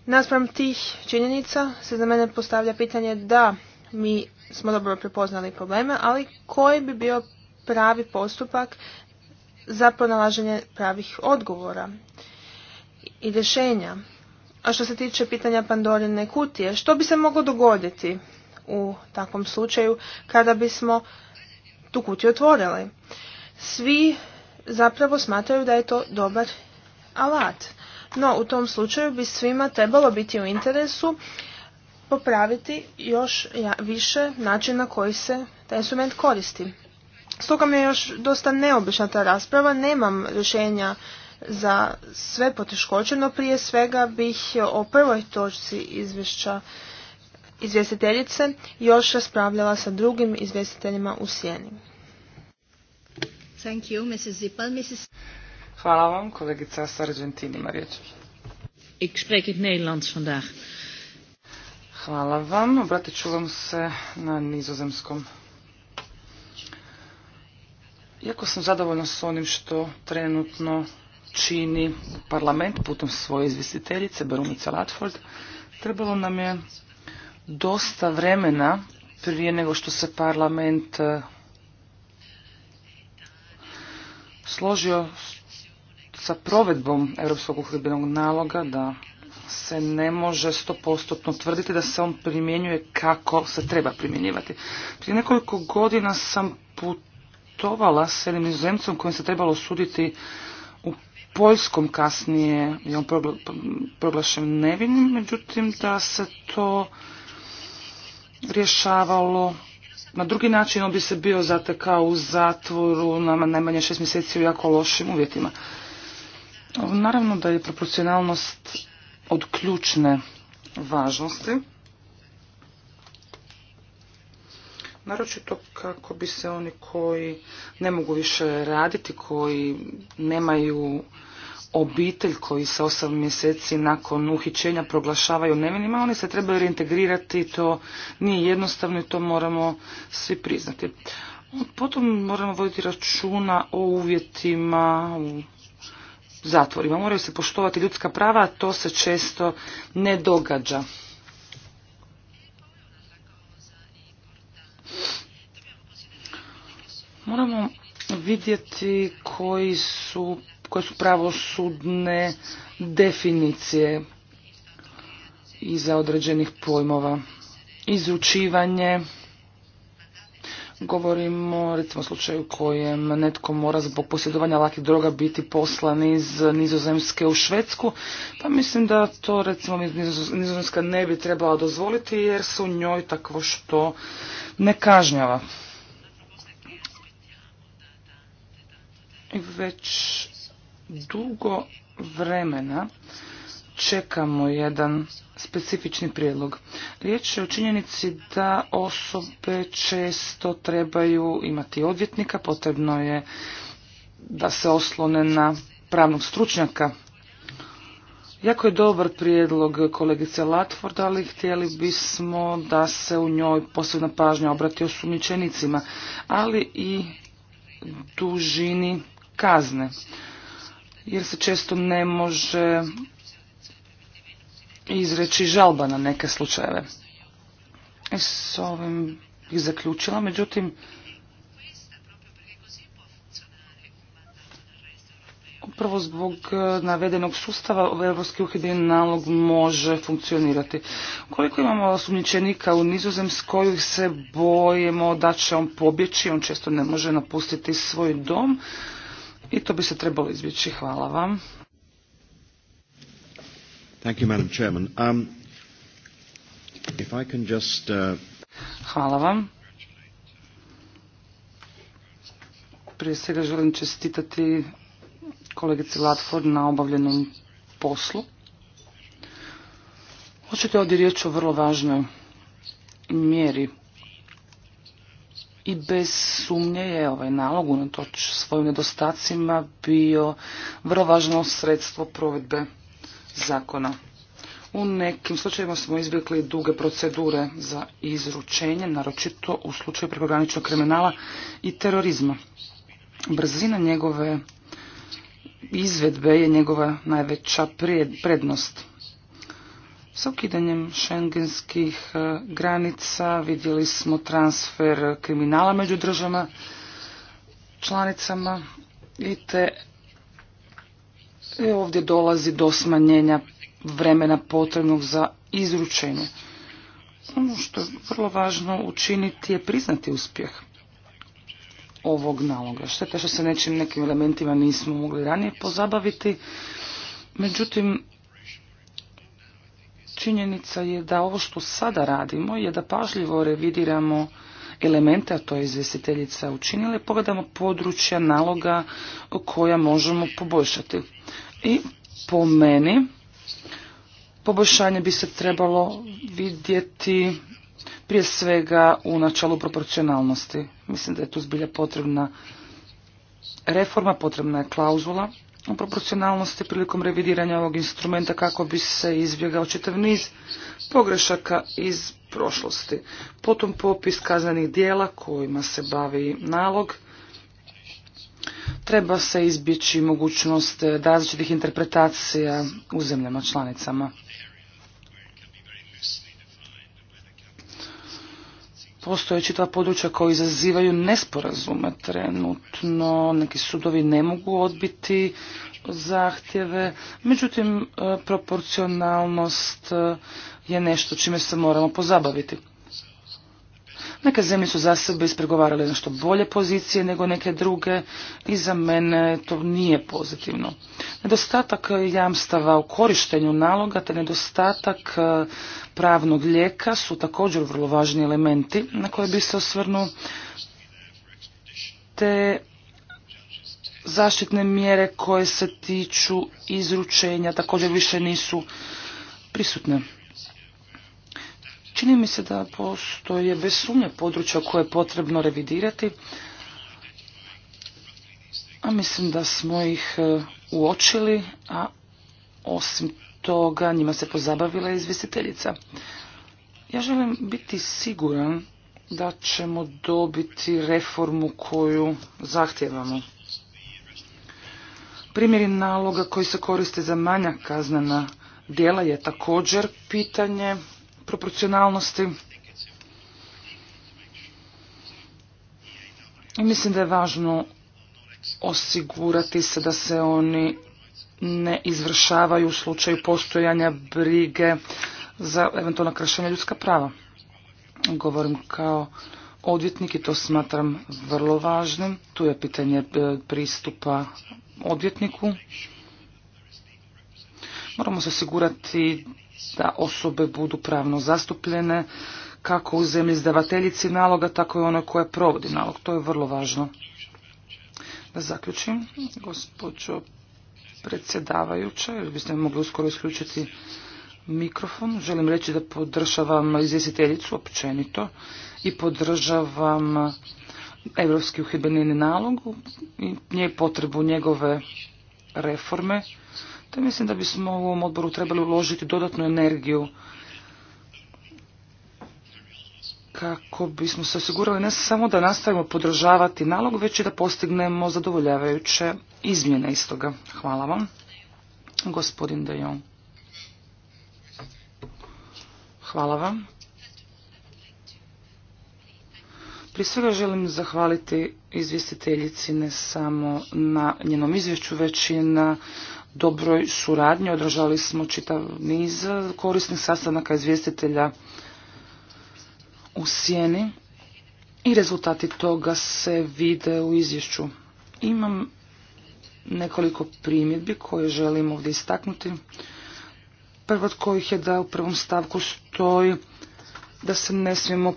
Naspram tih činjenica se za mene postavlja pitanje da mi smo dobro prepoznali probleme, ali koji bi bio pravi postupak za pronalaženje pravih odgovora i rješenja. A što se tiče pitanja Pandorine kutije, što bi se moglo dogoditi u takvom slučaju kada bismo tu kutiju otvorili? Svi zapravo smatraju da je to dobar alat. No, u tom slučaju bi svima trebalo biti u interesu popraviti još više način na koji se taj instrument koristi. Stoga mi je još dosta neobična ta rasprava, nemam rješenja za sve poteškoće, no prije svega bih o prvoj točci izvješća izvjestiteljice još raspravljala sa drugim izvjestiteljima u sjeni.
Thank you, Mrs. Zippel. Mrs. Hvala vam, kolegica Sargentini ima Ik spreek het Nederlands vandaag. Hvala vam, obratit ću vam se na nizozemskom. Iako sam zadovoljna s onim što trenutno čini parlament putem svoje izvjestiteljice Barunica Latford, trebalo nam je dosta vremena prije nego što se parlament eh, složio sa provedbom Europskog uhredbenog naloga da se ne može stopostotno tvrditi da se on primjenjuje kako se treba primjenjivati. Prije nekoliko godina sam putovala s jednim nizozemcem kojim se trebalo suditi u Poljskom kasnije je on proglašen nevinim, međutim da se to rješavalo na drugi način, on bi se bio zatekao u zatvoru, na najmanje šest mjeseci u jako lošim uvjetima. Naravno da je proporcionalnost od ključne važnosti. Naročito kako bi se oni koji ne mogu više raditi, koji nemaju obitelj koji se osam mjeseci nakon uhićenja proglašavaju nevinima, oni se trebaju reintegrirati, to nije jednostavno i to moramo svi priznati. Potom moramo voditi računa o uvjetima u zatvorima. Moraju se poštovati ljudska prava, a to se često ne događa. Moramo vidjeti koji su, koje su pravosudne definicije iza određenih pojmova. Izučivanje, Govorimo recimo o slučaju u kojem netko mora zbog posjedovanja lakih droga biti poslan iz Nizozemske u Švedsku, pa mislim da to recimo Nizozemska ne bi trebala dozvoliti jer se u njoj takvo što ne kažnjava. I već dugo vremena čekamo jedan specifični prijedlog. Riječ je o činjenici da osobe često trebaju imati odvjetnika, potrebno je da se oslone na pravnog stručnjaka. Jako je dobar prijedlog kolegice Latford, ali htjeli bismo da se u njoj posebna pažnja obrati osumnjičenicima, ali i dužini kazne jer se često ne može izreći žalba na neke slučajeve. I s ovim bih zaključila, međutim, upravo zbog e, navedenog sustava Europski uhidbeni nalog može funkcionirati. Koliko imamo osumnjičenika u Nizozemskoj se bojimo da će on pobjeći, on često ne može napustiti svoj dom i to bi se trebalo izbjeći. Hvala vam.
Thank you, Madam Chairman.
Um, if I can just, uh... Hvala vam. Prije svega želim čestitati kolegici Latford na obavljenom poslu. Očito je ovdje riječ o vrlo važnoj mjeri i bez sumnje je ovaj nalog unatoč svojim nedostacima bio vrlo važno sredstvo provedbe zakona. U nekim slučajevima smo izbjegli duge procedure za izručenje, naročito u slučaju prekograničnog kriminala i terorizma. Brzina njegove izvedbe je njegova najveća prednost. Sa ukidanjem šengenskih e, granica vidjeli smo transfer kriminala među državama, članicama i te E, ovdje dolazi do smanjenja vremena potrebnog za izručenje. Ono što je vrlo važno učiniti je priznati uspjeh ovog naloga. Šteta što se nečim nekim elementima nismo mogli ranije pozabaviti. Međutim, činjenica je da ovo što sada radimo je da pažljivo revidiramo elemente, a to je izvjestiteljica učinila, pogledamo područja naloga koja možemo poboljšati. I po meni poboljšanje bi se trebalo vidjeti prije svega u načelu proporcionalnosti. Mislim da je tu zbilja potrebna reforma, potrebna je klauzula u proporcionalnosti prilikom revidiranja ovog instrumenta kako bi se izbjegao čitav niz pogrešaka iz prošlosti. Potom popis kazanih dijela kojima se bavi nalog. Treba se izbjeći mogućnost eh, različitih interpretacija u zemljama članicama. Postoje čitva područja koja izazivaju nesporazume trenutno. Neki sudovi ne mogu odbiti zahtjeve, međutim e, proporcionalnost e, je nešto čime se moramo pozabaviti. Neke zemlje su za sebe ispregovarale nešto bolje pozicije nego neke druge i za mene to nije pozitivno. Nedostatak jamstava u korištenju naloga te nedostatak e, pravnog lijeka su također vrlo važni elementi na koje bi se osvrnuo te zaštitne mjere koje se tiču izručenja također više nisu prisutne. Čini mi se da postoje bez sumnje područja koje je potrebno revidirati, a mislim da smo ih e, uočili, a osim toga njima se pozabavila izvjestiteljica. Ja želim biti siguran da ćemo dobiti reformu koju zahtjevamo. Primjeri naloga koji se koriste za manja kaznena djela je također pitanje proporcionalnosti. I mislim da je važno osigurati se da se oni ne izvršavaju u slučaju postojanja brige za eventualno kršenje ljudska prava. Govorim kao odvjetnik i to smatram vrlo važnim. Tu je pitanje e, pristupa odvjetniku. Moramo se osigurati da osobe budu pravno zastupljene kako u zemlji izdavateljici naloga, tako i onoj koja provodi nalog. To je vrlo važno. Da zaključim, gospođo predsjedavajuća, jer biste mogli uskoro isključiti mikrofon. Želim reći da podržavam izvjestiteljicu općenito i podržavam evropski uhidbenini nalog i nje potrebu njegove reforme, te mislim da bismo u ovom odboru trebali uložiti dodatnu energiju kako bismo se osigurali ne samo da nastavimo podržavati nalog, već i da postignemo zadovoljavajuće izmjene toga. Hvala vam. Gospodin Dejon. Hvala vam. Prije svega želim zahvaliti izvjestiteljici ne samo na njenom izvješću, već i na dobroj suradnji. Održali smo čitav niz korisnih sastanaka izvjestitelja u sjeni i rezultati toga se vide u izvješću. Imam nekoliko primjedbi koje želim ovdje istaknuti. Prvo od kojih je da u prvom stavku stoji da se ne smijemo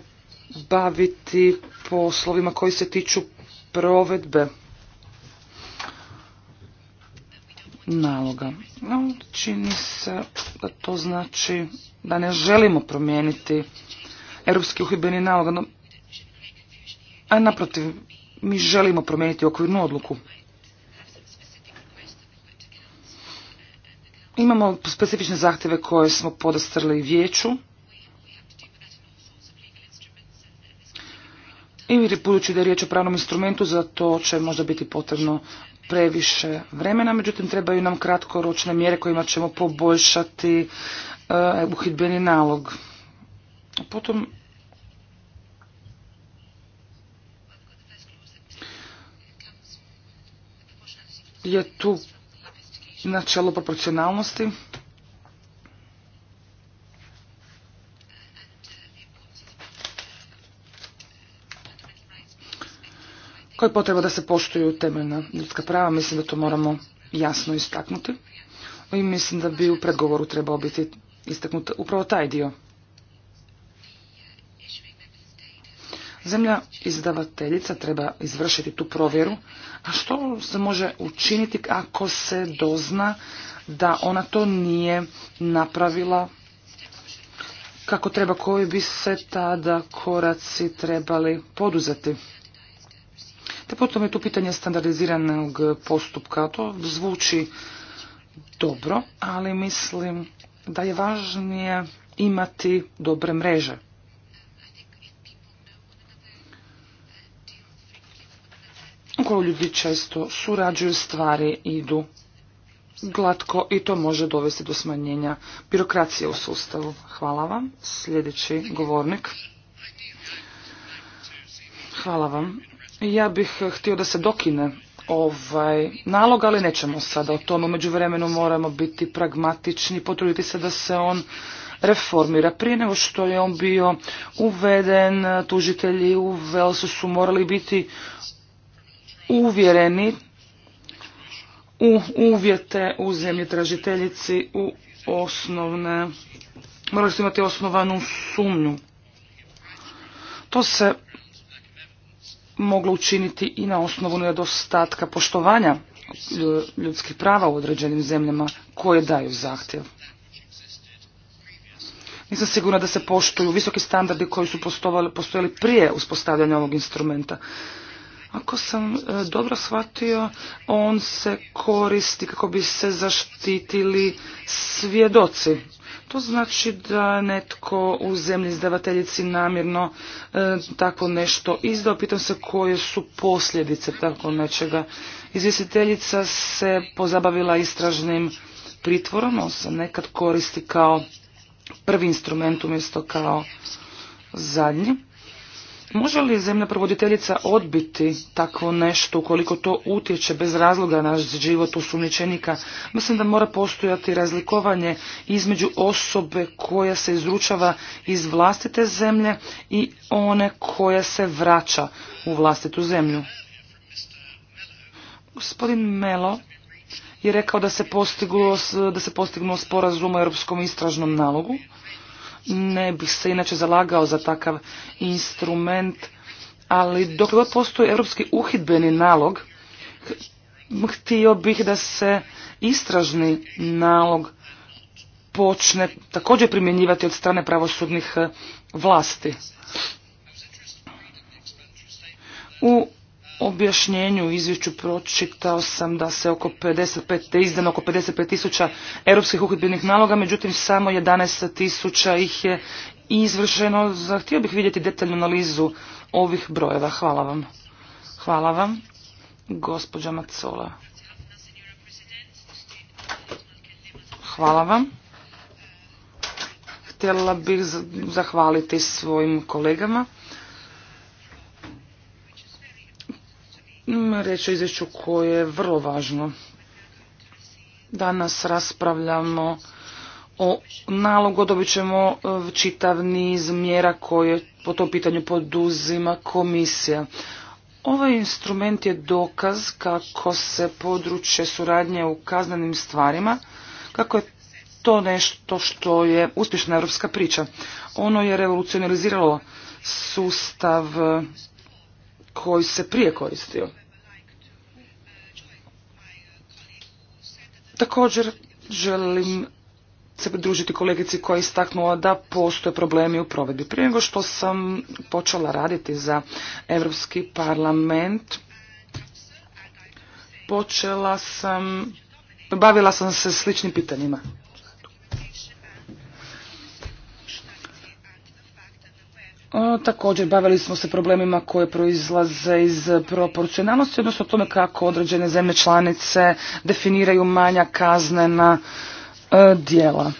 baviti poslovima koji se tiču provedbe naloga. čini se da to znači da ne želimo promijeniti europski uhibeni nalog. a naprotiv, mi želimo promijeniti okvirnu odluku. Imamo specifične zahtjeve koje smo podastrli vijeću. I budući da je riječ o pravnom instrumentu, za to će možda biti potrebno previše vremena, međutim trebaju nam kratkoročne mjere kojima ćemo poboljšati uh, uhidbeni nalog. Potom je tu načelo proporcionalnosti. koje je potreba da se poštuju temeljna ljudska prava. Mislim da to moramo jasno istaknuti i mislim da bi u predgovoru trebao biti istaknut upravo taj dio. Zemlja izdavateljica treba izvršiti tu provjeru, a što se može učiniti ako se dozna da ona to nije napravila kako treba, koji bi se tada koraci trebali poduzeti. Te potom je tu pitanje standardiziranog postupka. To zvuči dobro, ali mislim da je važnije imati dobre mreže. Ukoliko ljudi često surađuju, stvari idu glatko i to može dovesti do smanjenja birokracije u sustavu. Hvala vam. Sljedeći govornik. Hvala vam. Ja bih htio da se dokine ovaj nalog, ali nećemo sada o tome. Među vremenu moramo biti pragmatični, potruditi se da se on reformira. Prije nego što je on bio uveden, tužitelji u Velsu su morali biti uvjereni u uvjete u zemlji tražiteljici u osnovne, morali su imati osnovanu sumnju. To se moglo učiniti i na osnovu nedostatka poštovanja ljudskih prava u određenim zemljama koje daju zahtjev. Nisam sigurna da se poštuju visoki standardi koji su postojali prije uspostavljanja ovog instrumenta. Ako sam e, dobro shvatio, on se koristi kako bi se zaštitili svjedoci to znači da netko u zemlji izdavateljici namjerno e, tako nešto izdao. Pitam se koje su posljedice tako nečega. Izvjestiteljica se pozabavila istražnim pritvorom, on se nekad koristi kao prvi instrument umjesto kao zadnji. Može li zemlja provoditeljica odbiti takvo nešto ukoliko to utječe bez razloga na život osumnjičenika? Mislim da mora postojati razlikovanje između osobe koja se izručava iz vlastite zemlje i one koja se vraća u vlastitu zemlju. Gospodin Melo je rekao da se postiglo, da se postignuo sporazum o europskom istražnom nalogu ne bih se inače zalagao za takav instrument, ali dok god postoji europski uhidbeni nalog, htio bih da se istražni nalog počne također primjenjivati od strane pravosudnih vlasti. U objašnjenju u izvješću pročitao sam da se oko 55, je izdano oko 55 tisuća europskih uhidbenih naloga, međutim samo 11 tisuća ih je izvršeno. Htio bih vidjeti detaljnu analizu ovih brojeva. Hvala vam. Hvala vam. Gospođa Macola. Hvala vam. Htjela bih zahvaliti svojim kolegama. Mm, riječ o izvješću koje je vrlo važno. Danas raspravljamo o nalogu, dobit ćemo eh, čitav niz mjera koje po tom pitanju poduzima komisija. Ovaj instrument je dokaz kako se područje suradnje u kaznenim stvarima, kako je to nešto što je uspješna europska priča. Ono je revolucionaliziralo sustav eh, koji se prije koristio. Također želim se pridružiti kolegici koja je istaknula da postoje problemi u provedbi. Prije nego što sam počela raditi za Europski parlament, počela sam, bavila sam se sličnim pitanjima. Također bavili smo se problemima koje proizlaze iz proporcionalnosti, odnosno tome kako određene zemlje članice definiraju manja kaznena e, djela.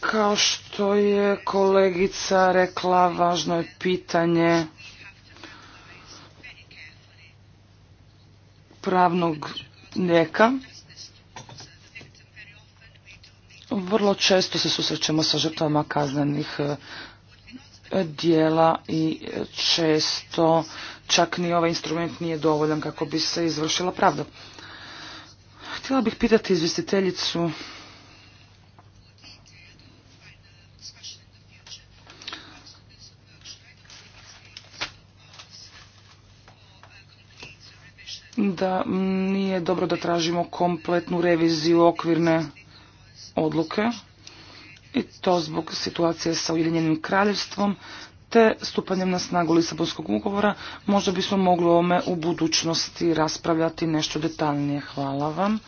Kao što je kolegica rekla, važno je pitanje pravnog lijeka. Vrlo često se susrećemo sa žrtvama kaznenih e, dijela i e, često čak ni ovaj instrument nije dovoljan kako bi se izvršila pravda. Htjela bih pitati izvjestiteljicu da nije dobro da tražimo kompletnu reviziju okvirne odluke i to zbog situacije sa Ujedinjenim kraljevstvom te stupanjem na snagu Lisabonskog ugovora možda bismo mogli o ovome u budućnosti raspravljati nešto detaljnije. Hvala vam.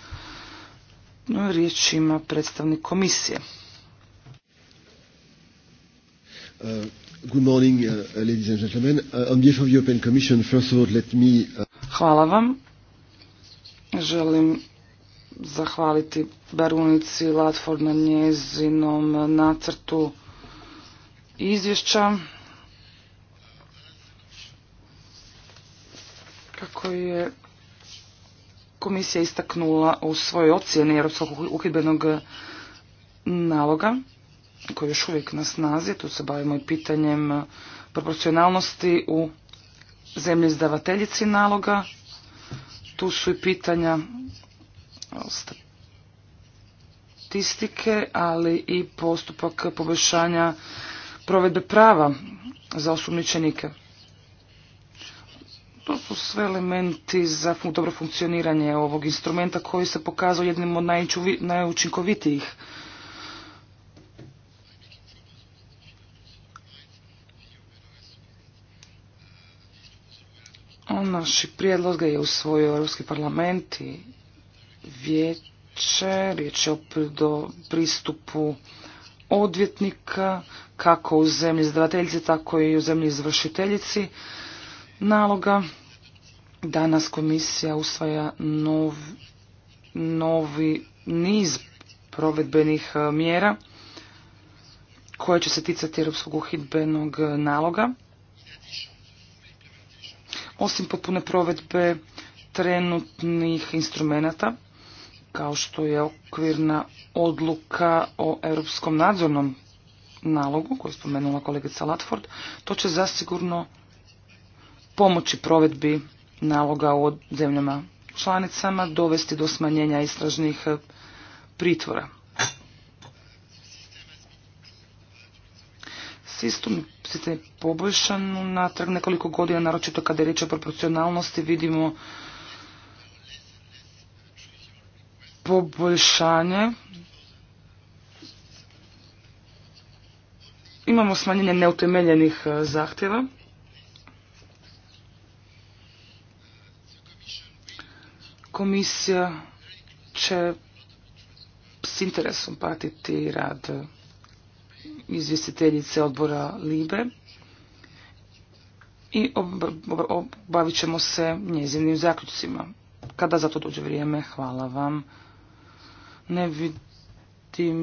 Riječ ima predstavnik komisije. Hvala vam. Želim zahvaliti Barunici Latford na njezinom nacrtu izvješća. Kako je komisija istaknula u svojoj ocjeni Europskog uhidbenog naloga, koji je još uvijek na snazi, tu se bavimo i pitanjem proporcionalnosti u zemlji izdavateljici naloga, tu su i pitanja statistike, ali i postupak poboljšanja provedbe prava za osumničenike. To su sve elementi za dobro funkcioniranje ovog instrumenta koji se pokazao jednim od najučinkovitijih. Naši prijedlog je usvojio Europski parlament i vijeće, riječ je o pristupu odvjetnika, kako u zemlji izdavateljice, tako i u zemlji izvršiteljici naloga. Danas komisija usvaja novi niz provedbenih e, mjera koje će se ticati europskog uhidbenog naloga. Osim potpune provedbe trenutnih instrumenata, kao što je okvirna odluka o europskom nadzornom nalogu koju je spomenula kolegica Latford, to će zasigurno pomoći provedbi naloga u zemljama članicama dovesti do smanjenja istražnih eh, pritvora. Sistem je poboljšan natrag nekoliko godina, naročito kada je riječ o proporcionalnosti, vidimo poboljšanje. Imamo smanjenje neutemeljenih e, zahtjeva. Komisija će s interesom patiti rad izvjestiteljice odbora LIBE i obavit ćemo se njezinim zaključcima. Kada za to dođe vrijeme, hvala vam. Ne vidim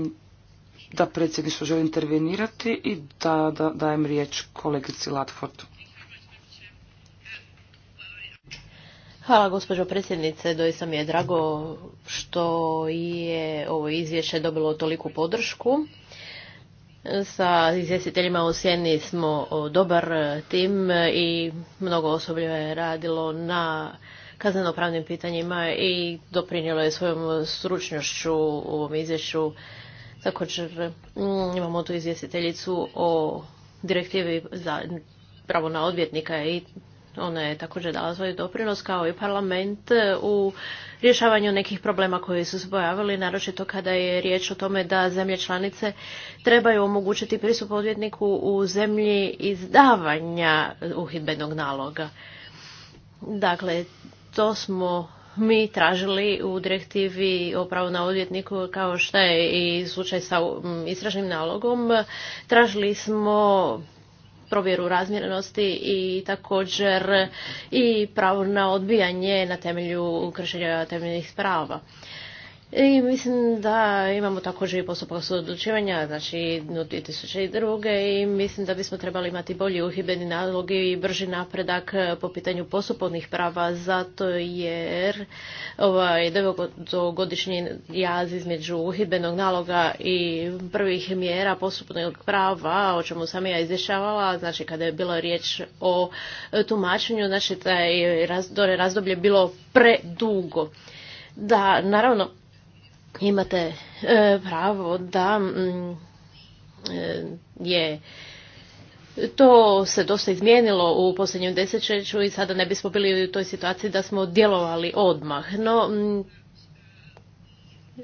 da predsjedništvo želi intervenirati i da, dajem riječ kolegici Latfordu.
Hvala gospođo predsjednice, doista mi je drago što je ovo izvješće dobilo toliku podršku. Sa izvjestiteljima u Sjeni smo dobar tim i mnogo osoblja je radilo na kaznenopravnim pitanjima i doprinijelo je svojom stručnošću u ovom izvješću. Također mm, imamo tu izvjestiteljicu o direktivi za pravo na odvjetnika i ona je također dala svoj doprinos kao i parlament u rješavanju nekih problema koji su se pojavili, naročito kada je riječ o tome da zemlje članice trebaju omogućiti pristup odvjetniku u zemlji izdavanja uhidbenog naloga. Dakle, to smo mi tražili u direktivi o pravu na odvjetniku kao što je i slučaj sa mm, istražnim nalogom. Tražili smo provjeru razmjerenosti i također i pravo na odbijanje na temelju kršenja temeljnih prava. I mislim da imamo tako i postupak odlučivanja, znači tisuće 2002. i mislim da bismo trebali imati bolji uhibeni nalogi i brži napredak po pitanju postupovnih prava, zato jer ovaj devogodišnji jaz između uhibenog naloga i prvih mjera postupnog prava, o čemu sam ja izvješavala, znači kada je bila riječ o tumačenju, znači taj razdoblje bilo predugo. Da, naravno, imate e, pravo da mm, e, je to se dosta izmijenilo u posljednjem desetljeću i sada ne bismo bili u toj situaciji da smo djelovali odmah. No, mm,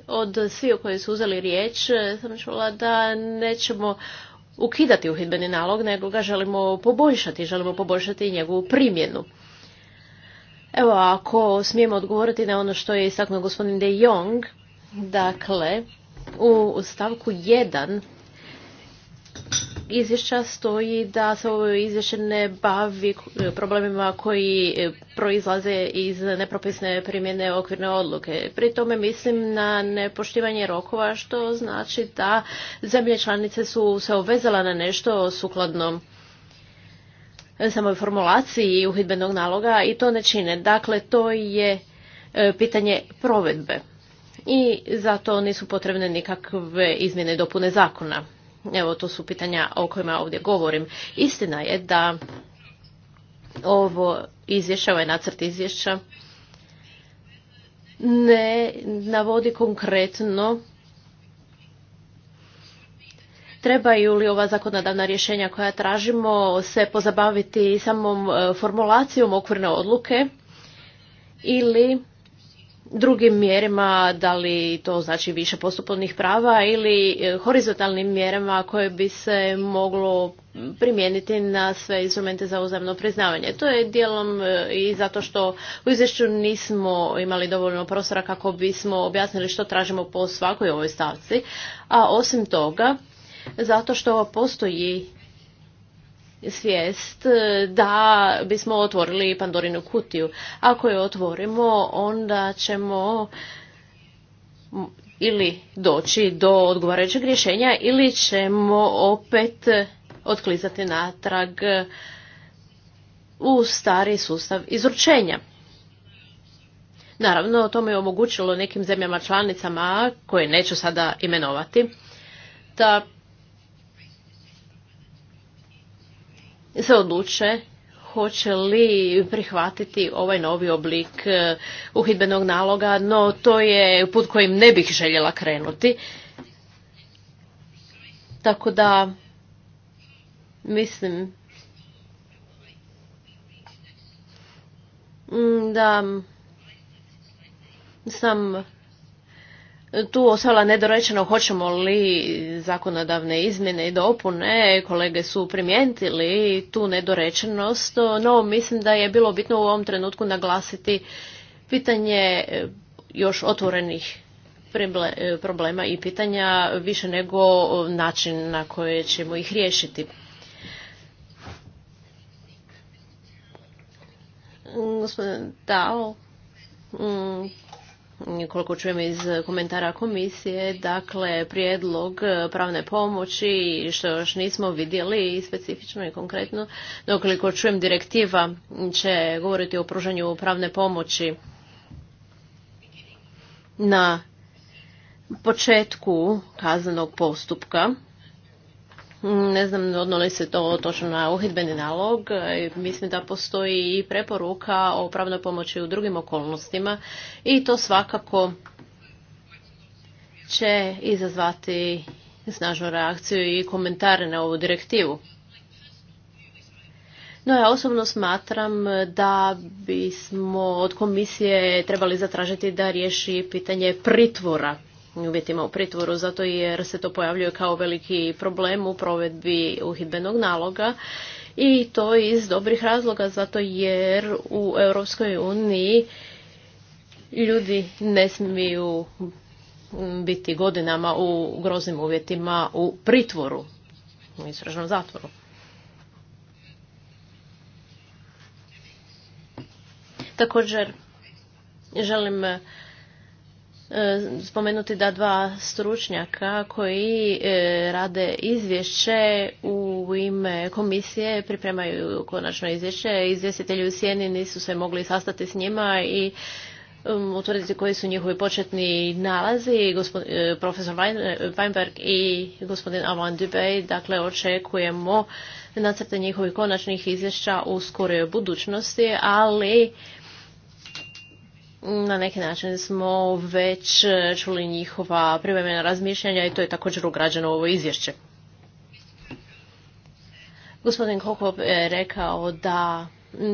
od svih koji su uzeli riječ e, sam čula da nećemo ukidati uhidbeni nalog, nego ga želimo poboljšati, želimo poboljšati njegovu primjenu. Evo, ako smijemo odgovoriti na ono što je istaknuo gospodin De Jong, Dakle, u stavku 1 izvješća stoji da se ovo izvješće ne bavi problemima koji proizlaze iz nepropisne primjene okvirne odluke. Pri tome mislim na nepoštivanje rokova što znači da zemlje članice su se obvezala na nešto sukladno samoj formulaciji uhidbenog naloga i to ne čine. Dakle, to je e, pitanje provedbe i zato nisu potrebne nikakve izmjene i dopune zakona. Evo, to su pitanja o kojima ovdje govorim. Istina je da ovo izvješće, ovaj nacrt izvješća ne navodi konkretno trebaju li ova zakonodavna rješenja koja tražimo se pozabaviti samom e, formulacijom okvirne odluke ili drugim mjerima, da li to znači više postupovnih prava ili e, horizontalnim mjerama koje bi se moglo primijeniti na sve instrumente za uzajamno priznavanje. To je dijelom e, i zato što u izvješću nismo imali dovoljno prostora kako bismo objasnili što tražimo po svakoj ovoj stavci, a osim toga zato što postoji svijest e, da bismo otvorili Pandorinu kutiju. Ako je otvorimo, onda ćemo ili doći do odgovarajućeg rješenja ili ćemo opet otklizati natrag u stari sustav izručenja. Naravno, to je omogućilo nekim zemljama članicama, koje neću sada imenovati, da se odluče hoće li prihvatiti ovaj novi oblik e, uhidbenog naloga, no to je put kojim ne bih željela krenuti. Tako da mislim da sam tu ostala nedorečeno hoćemo li zakonodavne izmjene i dopune, kolege su primijentili tu nedorečenost, no mislim da je bilo bitno u ovom trenutku naglasiti pitanje e, još otvorenih e, problema i pitanja više nego način na koje ćemo ih riješiti. Mm, koliko čujem iz komentara komisije, dakle prijedlog pravne pomoći što još nismo vidjeli i specifično i konkretno, dokoliko čujem direktiva će govoriti o pružanju pravne pomoći na početku kaznenog postupka ne znam odnoli se to točno na uhidbeni nalog. E, mislim da postoji i preporuka o pravnoj pomoći u drugim okolnostima i to svakako će izazvati snažnu reakciju i komentare na ovu direktivu. No ja osobno smatram da bismo od komisije trebali zatražiti da riješi pitanje pritvora uvjetima u pritvoru, zato jer se to pojavljuje kao veliki problem u provedbi uhidbenog naloga i to iz dobrih razloga, zato jer u Europskoj uniji ljudi ne smiju biti godinama u groznim uvjetima u pritvoru, u istražnom zatvoru. Također, želim E, spomenuti da dva stručnjaka koji e, rade izvješće u ime komisije, pripremaju konačno izvješće. Izvjestitelji u Sjeni nisu se mogli sastati s njima i um, utvrditi koji su njihovi početni nalazi. E, profesor Weinberg i gospodin Avan Dubey, dakle očekujemo nacrte njihovih konačnih izvješća u skoroj budućnosti, ali na neki način smo već čuli njihova privremena razmišljanja i to je također ugrađeno u ovo izvješće. Gospodin Kokop je rekao da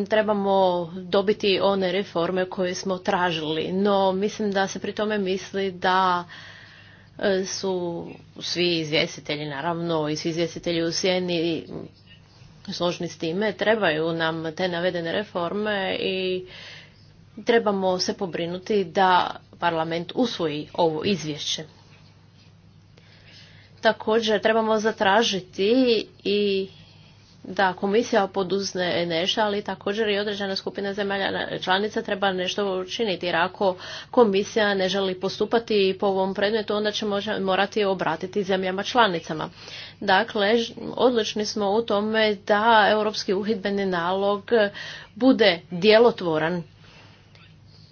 trebamo dobiti one reforme koje smo tražili, no mislim da se pri tome misli da e, su svi izvjestitelji, naravno i svi izvjestitelji u sjeni složni s time, trebaju nam te navedene reforme i trebamo se pobrinuti da parlament usvoji ovo izvješće. Također trebamo zatražiti i da komisija poduzne nešto, ali također i određena skupina zemalja članica treba nešto učiniti. Jer ako komisija ne želi postupati po ovom predmetu, onda će morati obratiti zemljama članicama. Dakle, odlični smo u tome da europski uhidbeni nalog bude djelotvoran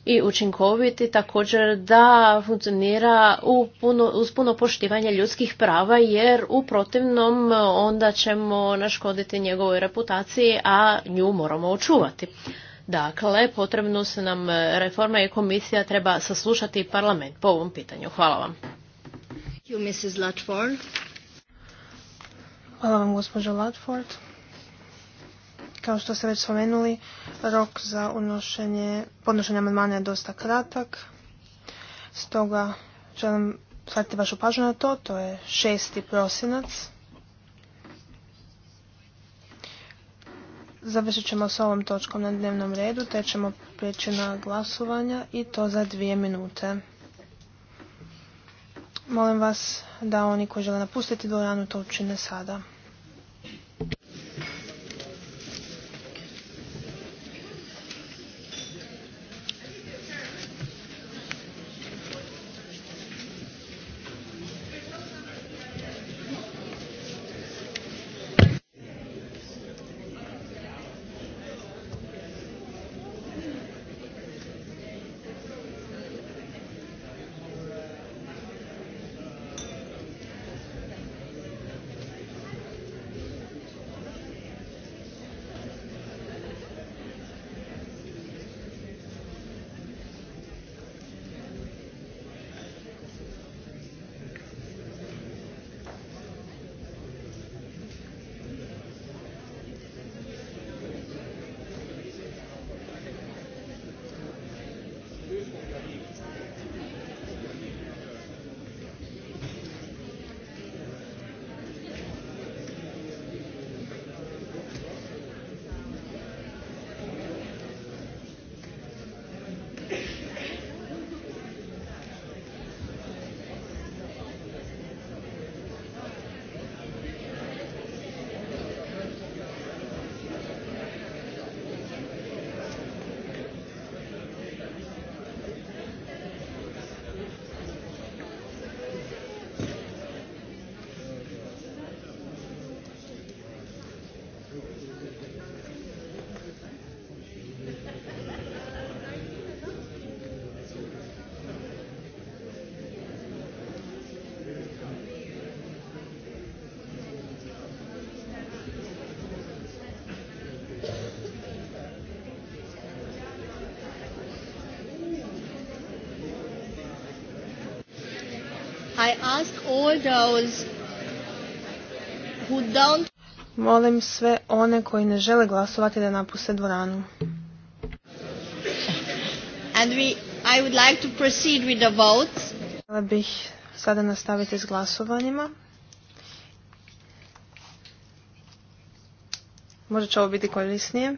i učinkoviti također da funkcionira u puno, uz puno poštivanje ljudskih prava jer u protivnom onda ćemo naškoditi njegovoj reputaciji, a nju moramo očuvati. Dakle, potrebno se nam reforma i komisija treba saslušati parlament po ovom pitanju. Hvala vam. Hvala
vam, gospođo Latford. Kao što ste već spomenuli, rok za unošenje, podnošenje amandmana je dosta kratak. Stoga želim shvatiti vašu pažnju na to. To je 6. prosinac. Završit ćemo s ovom točkom na dnevnom redu, te ćemo prijeći na glasovanja i to za dvije minute. Molim vas da oni koji žele napustiti dvoranu to učine sada. Molim sve one koji ne žele glasovati da napuste dvoranu.
And we, I would like to
proceed with the votes. bih sada nastaviti s glasovanjima. Možda će ovo biti korisnije.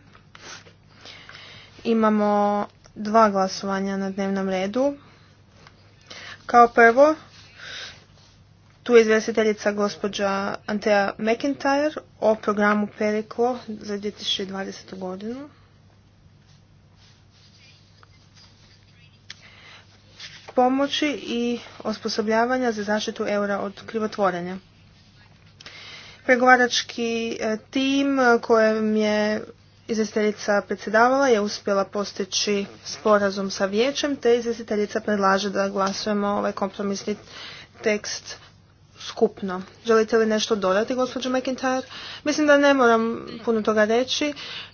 Imamo dva glasovanja na dnevnom redu. Kao prvo, tu je izvjestiteljica gospođa Antea McIntyre o programu Periklo za 2020. godinu. Pomoći i osposobljavanja za zaštitu eura od krivotvorenja. Pregovarački e, tim kojem je izvjestiteljica predsjedavala je uspjela postići sporazum sa vijećem, te izvjestiteljica predlaže da glasujemo ovaj kompromisni tekst skupno. Želite li nešto dodati, gospođo McIntyre? Mislim da ne moram puno toga reći.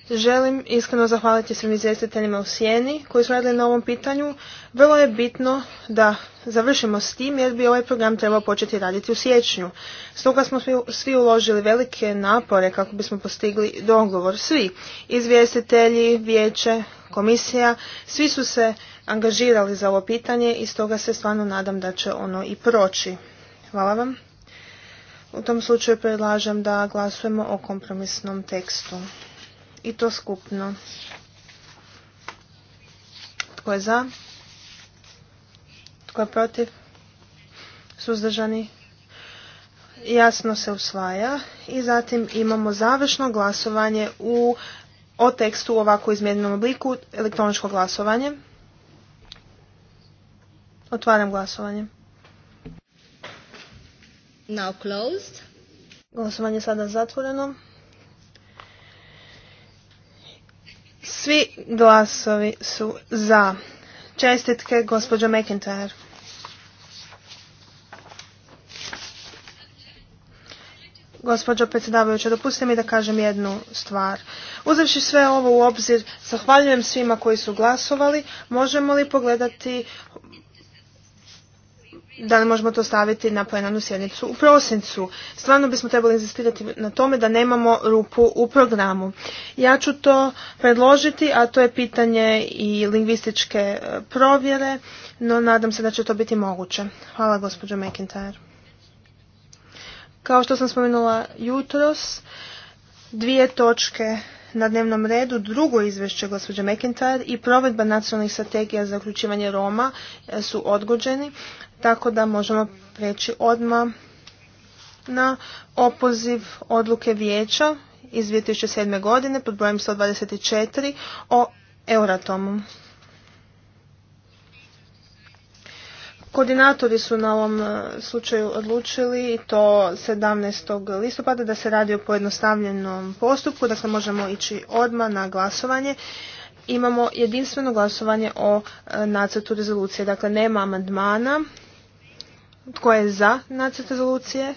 Želim iskreno zahvaliti svim izvjestiteljima u Sjeni koji su radili na ovom pitanju. Vrlo je bitno da završimo s tim jer bi ovaj program trebao početi raditi u siječnju. Stoga smo svi uložili velike napore kako bismo postigli dogovor. Svi, izvjestitelji, vijeće, komisija, svi su se angažirali za ovo pitanje i stoga se stvarno nadam da će ono i proći. Hvala vam. U tom slučaju predlažem da glasujemo o kompromisnom tekstu. I to skupno. Tko je za? Tko je protiv? Suzdržani? Jasno se usvaja. I zatim imamo završno glasovanje u, o tekstu u ovako izmijenjenom obliku, elektroničko glasovanje. Otvaram glasovanje. Now closed. Glasovanje je sada zatvoreno. Svi glasovi su za. Čestitke, gospođo McIntyre. Gospođo predsjedavajuća, dopustite mi da kažem jednu stvar. Uzevši sve ovo u obzir, zahvaljujem svima koji su glasovali. Možemo li pogledati da ne možemo to staviti na plenarnu sjednicu u prosincu. Stvarno bismo trebali insistirati na tome da nemamo rupu u programu. Ja ću to predložiti, a to je pitanje i lingvističke e, provjere, no nadam se da će to biti moguće. Hvala gospođo McIntyre. Kao što sam spomenula jutros, dvije točke na dnevnom redu drugo izvješće gospođe McIntyre i provedba nacionalnih strategija za uključivanje Roma e, su odgođeni tako da možemo preći odmah na opoziv odluke vijeća iz 2007. godine pod brojem 124 o Euratomu. Koordinatori su na ovom e, slučaju odlučili to 17. listopada da se radi o pojednostavljenom postupku, dakle možemo ići odmah na glasovanje. Imamo jedinstveno glasovanje o e, nacrtu rezolucije, dakle nema amandmana, tko je za nacrt rezolucije?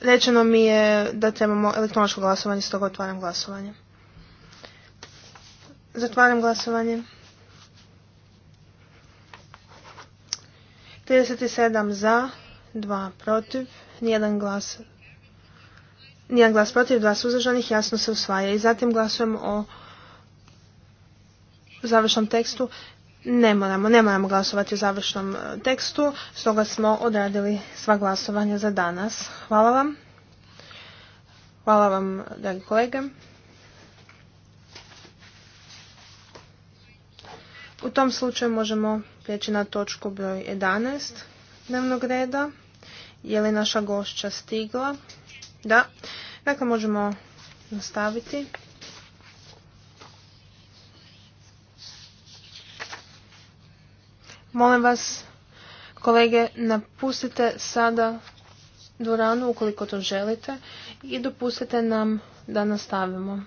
Rečeno mi je da trebamo elektroničko glasovanje, stoga otvaram glasovanje. Zatvaram glasovanje. 37 za, 2 protiv, nijedan glas nijedan glas protiv, dva suzdržanih, jasno se usvaja. I zatim glasujemo o završnom tekstu ne moramo, ne glasovati u završnom e, tekstu, stoga smo odradili sva glasovanja za danas. Hvala vam. Hvala vam, dragi kolege. U tom slučaju možemo prijeći na točku broj 11 dnevnog reda. Je li naša gošća stigla? Da. Dakle, možemo nastaviti. Molim vas, kolege, napustite sada dvoranu ukoliko to želite i dopustite nam da nastavimo.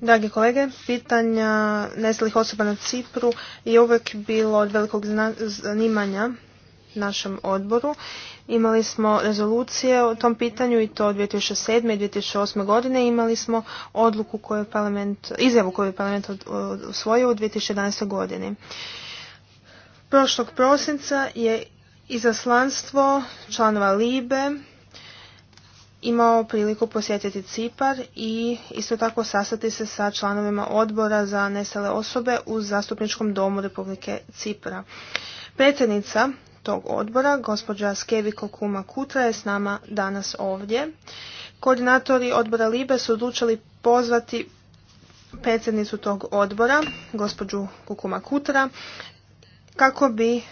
Dragi kolege,
pitanja nestalih osoba na Cipru je uvijek bilo od velikog zanimanja našem odboru. Imali smo rezolucije o tom pitanju i to od 2007. i 2008. godine. Imali smo odluku koju je parlament, izjavu koju je parlament usvojio u 2011. godini. Prošlog prosinca je izaslanstvo članova Libe imao priliku posjetiti Cipar i isto tako sastati se sa članovima odbora za nestale osobe u zastupničkom domu Republike Cipra. Predsjednica tog odbora, gospođa Skeviko Kuma Kutra, je s nama danas ovdje. Koordinatori odbora Libe su odlučili pozvati predsjednicu tog odbora, gospođu Kukuma Kutra, kako bi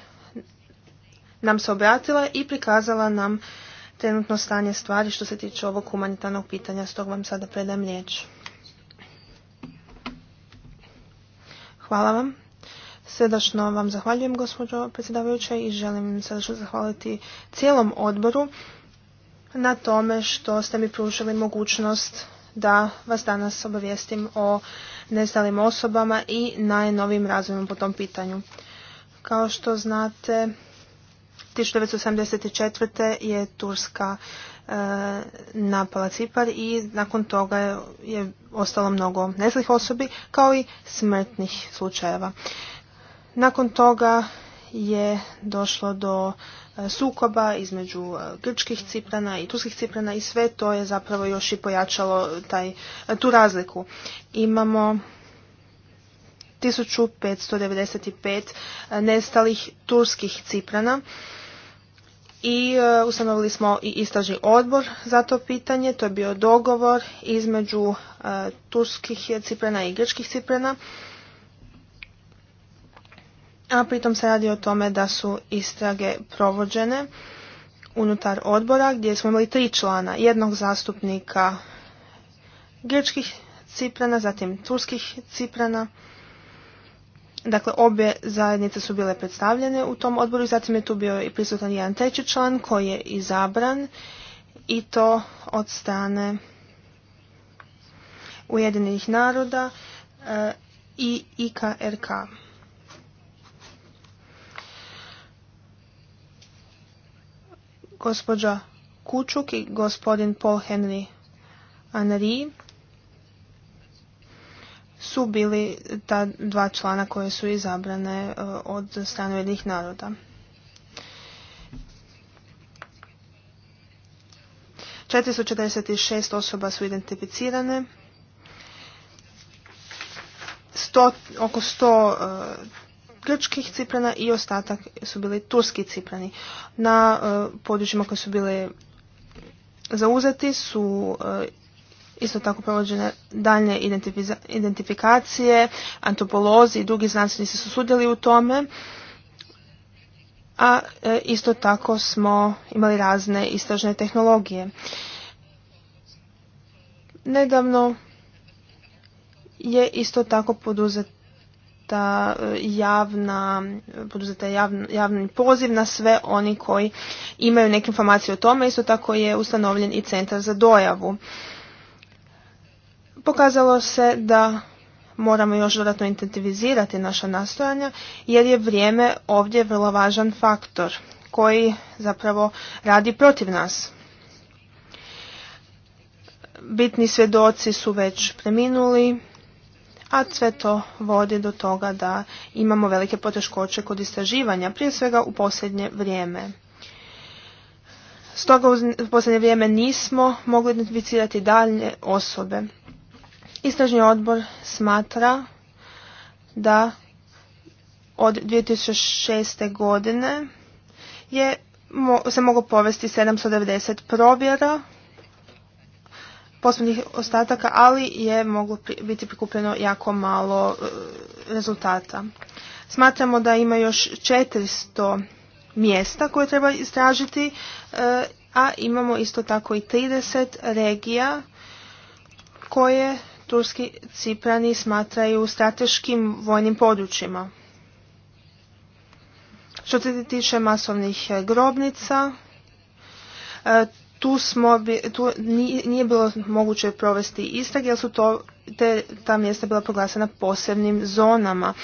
nam se obratila i prikazala nam trenutno stanje stvari što se tiče ovog humanitarnog pitanja. Stoga vam sada predajem riječ. Hvala vam. Srdačno vam zahvaljujem, gospođo predsjedavajuće... i želim srdačno zahvaliti cijelom odboru na tome što ste mi pružili mogućnost da vas danas obavijestim o nestalim osobama i najnovim razvojima po tom pitanju. Kao što znate, 1984. je Turska e, napala Cipar i nakon toga je, ostalo mnogo neslih osobi kao i smrtnih slučajeva. Nakon toga je došlo do e, sukoba između e, grčkih ciprana i turskih ciprana i sve to je zapravo još i pojačalo taj, tu razliku. Imamo 1595 nestalih turskih ciprana i e, ustanovili smo i istražni odbor za to pitanje. To je bio dogovor između e, turskih ciprena i grčkih ciprena. A pritom se radi o tome da su istrage provođene unutar odbora gdje smo imali tri člana, jednog zastupnika grčkih ciprena, zatim turskih ciprena, Dakle, obje zajednice su bile predstavljene u tom odboru i zatim je tu bio i prisutan jedan treći član koji je izabran i to od strane Ujedinjenih naroda eh, i IKRK. Gospođa Kučuk i gospodin Paul Henry Anri su bili ta dva člana koje su izabrane e, od strane jednih naroda. četiristo šest osoba su identificirane oko 100 uh, e, grčkih ciprana i ostatak su bili turski ciprani. Na e, područjima koje su bile zauzeti su isto tako provođene daljne identifikacije, antropolozi i drugi znanstvenici su sudjeli u tome, a e, isto tako smo imali razne istražne tehnologije. Nedavno je isto tako poduzet ta e, javna, poduzeta javni poziv na sve oni koji imaju neke informacije o tome. Isto tako je ustanovljen i centar za dojavu. Pokazalo se da moramo još dodatno intenzivizirati naša nastojanja jer je vrijeme ovdje vrlo važan faktor koji zapravo radi protiv nas. Bitni svjedoci su već preminuli, a sve to vodi do toga da imamo velike poteškoće kod istraživanja, prije svega u posljednje vrijeme. Stoga u posljednje vrijeme nismo mogli identificirati dalje osobe Istražni odbor smatra da od 2006. godine je se mogu povesti 790 provjera poslovnih ostataka, ali je moglo biti prikupljeno jako malo e, rezultata. Smatramo da ima još 400 mjesta koje treba istražiti, e, a imamo isto tako i 30 regija koje turski ciprani smatraju strateškim vojnim područjima. Što se tiče masovnih e, grobnica, e, tu, smo, tu nije bilo moguće provesti istrag jer su to, te, ta mjesta bila proglasena posebnim zonama.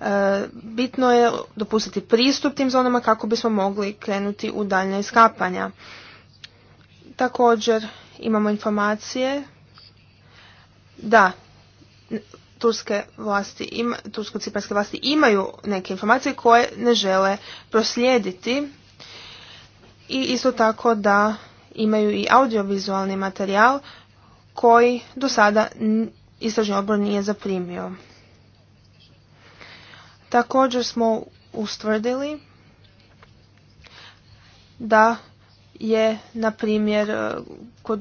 E, bitno je dopustiti pristup tim zonama kako bismo mogli krenuti u daljnje iskapanja. Također imamo informacije da turske vlasti, ima, tursko-ciparske vlasti imaju neke informacije koje ne žele proslijediti i isto tako da imaju i audiovizualni materijal koji do sada istražni odbor nije zaprimio. Također smo ustvrdili da je, na primjer, e,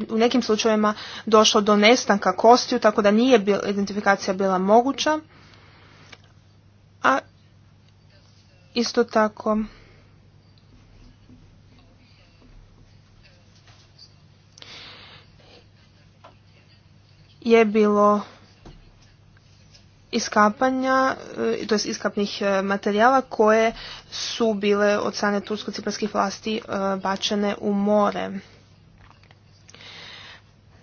u nekim slučajevima došlo do nestanka kostiju, tako da nije identifikacija bila moguća. A isto tako je bilo iskapanja, e, to jest iskapnih e, materijala koje su bile od strane tursko-ciparskih vlasti e, bačene u more.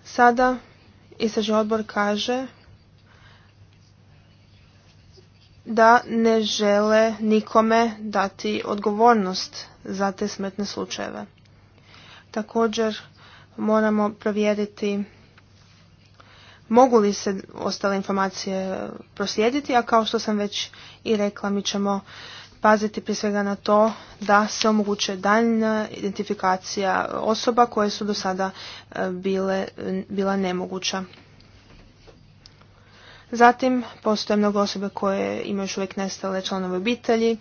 Sada istražni odbor kaže da ne žele nikome dati odgovornost za te smrtne slučajeve. Također moramo provjeriti mogu li se ostale informacije proslijediti, a kao što sam već i rekla, mi ćemo paziti prije svega na to da se omoguće daljna identifikacija osoba koje su do sada e, bile, bila nemoguća. Zatim postoje mnogo osobe koje imaju još uvijek nestale članove obitelji.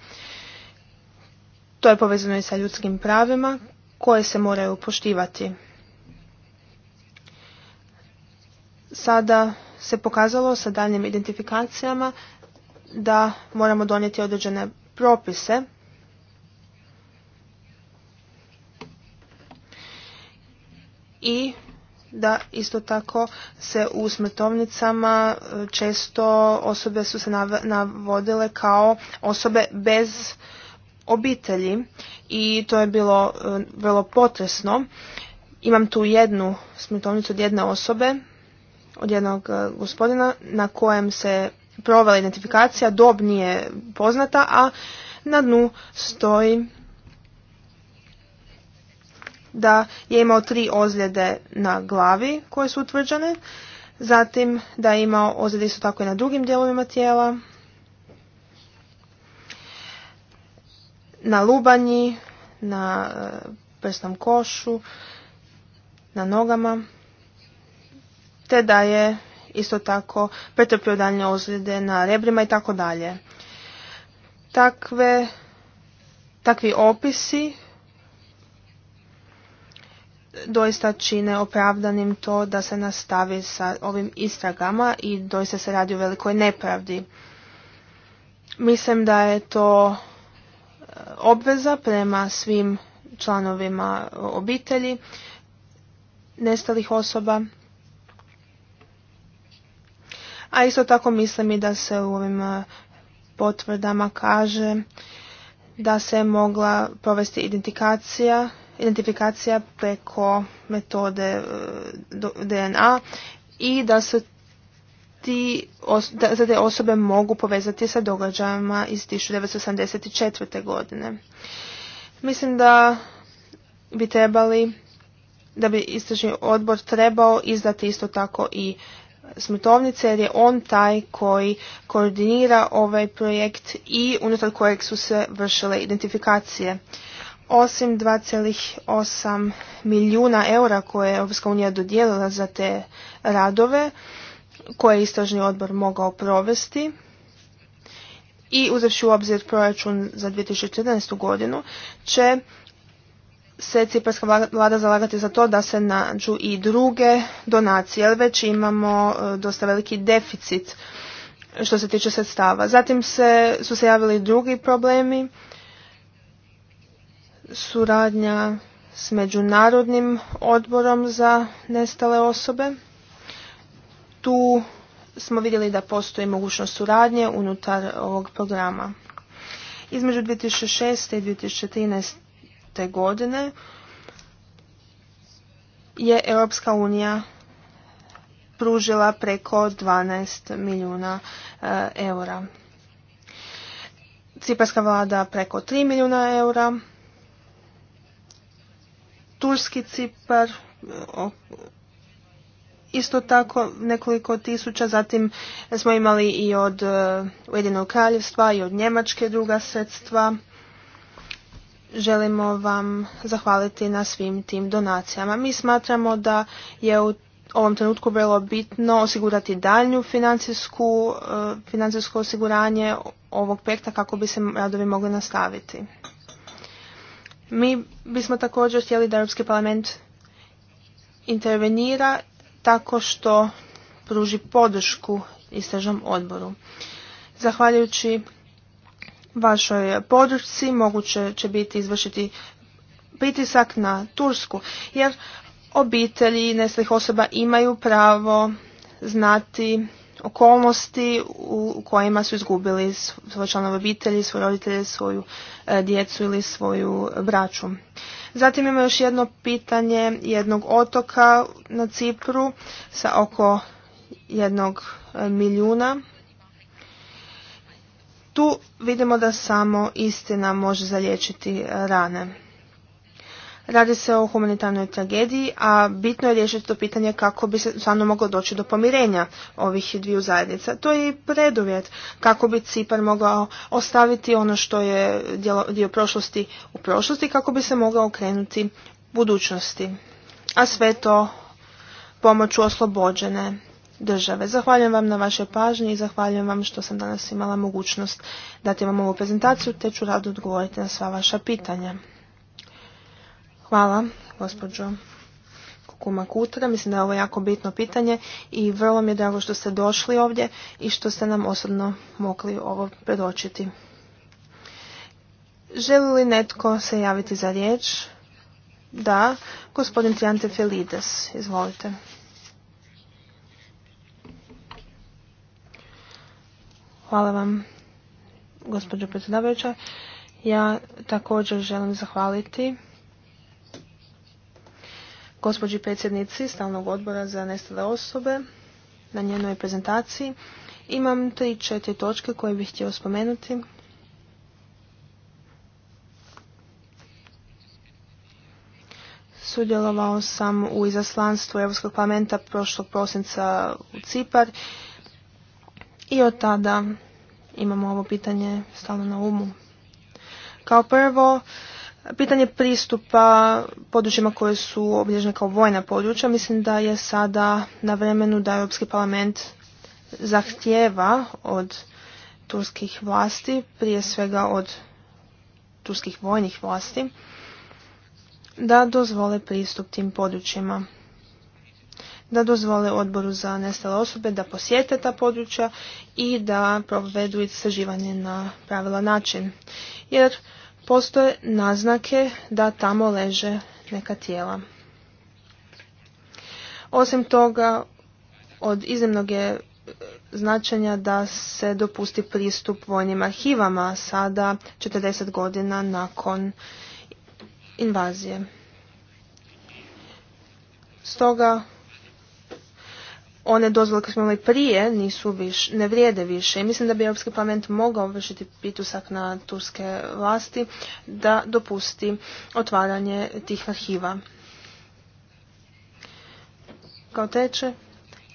To je povezano i sa ljudskim pravima koje se moraju poštivati. sada se pokazalo sa daljnjim identifikacijama da moramo donijeti određene propise i da isto tako se u smrtovnicama e, često osobe su se navodile kao osobe bez obitelji i to je bilo e, vrlo potresno. Imam tu jednu smrtovnicu od jedne osobe od jednog e, gospodina na kojem se provela identifikacija, dob nije poznata, a na dnu stoji da je imao tri ozljede na glavi koje su utvrđene, zatim da je imao ozljede isto tako i na drugim dijelovima tijela, na lubanji, na e, prsnom košu, na nogama te da je isto tako pretrpio daljnje ozljede na rebrima i tako dalje. Takve, takvi opisi doista čine opravdanim to da se nastavi sa ovim istragama i doista se radi o velikoj nepravdi. Mislim da je to e, obveza prema svim članovima obitelji nestalih osoba a isto tako mislim i da se u ovim e, potvrdama kaže da se mogla provesti identifikacija, identifikacija preko metode e, DNA i da se ti, te osobe mogu povezati sa događajima iz 1984. godine. Mislim da bi trebali, da bi istražni odbor trebao izdati isto tako i smrtovnice jer je on taj koji koordinira ovaj projekt i unutar kojeg su se vršile identifikacije. Osim 2,8 milijuna eura koje je EU dodijelila za te radove, koje je istražni odbor mogao provesti, i uzavši u obzir proračun za 2014. godinu će se ciparska vlada zalagati za to da se nađu i druge donacije, jer već imamo e, dosta veliki deficit što se tiče sredstava. Zatim se, su se javili drugi problemi, suradnja s Međunarodnim odborom za nestale osobe. Tu smo vidjeli da postoji mogućnost suradnje unutar ovog programa. Između 2006. i 2013 te godine je Europska unija pružila preko 12 milijuna e, eura. Ciparska vlada preko 3 milijuna eura. Turski Cipar isto tako nekoliko tisuća. Zatim smo imali i od e, Ujedinog kraljevstva i od Njemačke druga sredstva želimo vam zahvaliti na svim tim donacijama. Mi smatramo da je u ovom trenutku vrlo bitno osigurati daljnju financijsku, e, financijsko osiguranje ovog projekta kako bi se radovi mogli nastaviti. Mi bismo također htjeli da Europski parlament intervenira tako što pruži podršku istražnom odboru. Zahvaljujući vašoj podršci moguće će biti izvršiti pritisak na Tursku, jer obitelji neslih osoba imaju pravo znati okolnosti u kojima su izgubili svoje članove obitelji, svoje roditelje, svoju e, djecu ili svoju braću. Zatim ima još jedno pitanje jednog otoka na Cipru sa oko jednog e, milijuna tu vidimo da samo istina može zalječiti e, rane. Radi se o humanitarnoj tragediji, a bitno je riješiti to pitanje kako bi se stvarno moglo doći do pomirenja ovih dviju zajednica. To je i preduvjet kako bi Cipar mogao ostaviti ono što je dio prošlosti u prošlosti, kako bi se mogao okrenuti budućnosti. A sve to pomoću oslobođene države. Zahvaljujem vam na vašoj pažnji i zahvaljujem vam što sam danas imala mogućnost dati vam ovu prezentaciju te ću rado odgovoriti na sva vaša pitanja. Hvala, gospođo Kukuma Kutra. Mislim da je ovo jako bitno pitanje i vrlo mi je drago što ste došli ovdje i što ste nam osobno mogli ovo predočiti. Želi li netko se javiti za riječ? Da, gospodin Triante Felides, izvolite. Hvala vam, gospođo predsjedavajuća. Ja također želim zahvaliti gospođi predsjednici Stalnog odbora za nestale osobe na njenoj prezentaciji. Imam tri, četiri točke koje bih htio spomenuti. Sudjelovao sam u izaslanstvu Europskog parlamenta prošlog prosinca u Cipar i od tada imamo ovo pitanje stalno na umu. Kao prvo, pitanje pristupa područjima koje su obilježene kao vojna područja, mislim da je sada na vremenu da Europski parlament zahtjeva od turskih vlasti, prije svega od turskih vojnih vlasti, da dozvole pristup tim područjima da dozvole odboru za nestale osobe da posjete ta područja i da provedu istraživanje na pravila način. Jer postoje naznake da tamo leže neka tijela. Osim toga, od iznimnog je značenja da se dopusti pristup vojnim arhivama sada 40 godina nakon invazije. Stoga one dozvole koje smo imali prije nisu više, ne vrijede više i mislim da bi Europski parlament mogao vršiti pritisak na turske vlasti da dopusti otvaranje tih arhiva. Kao treće,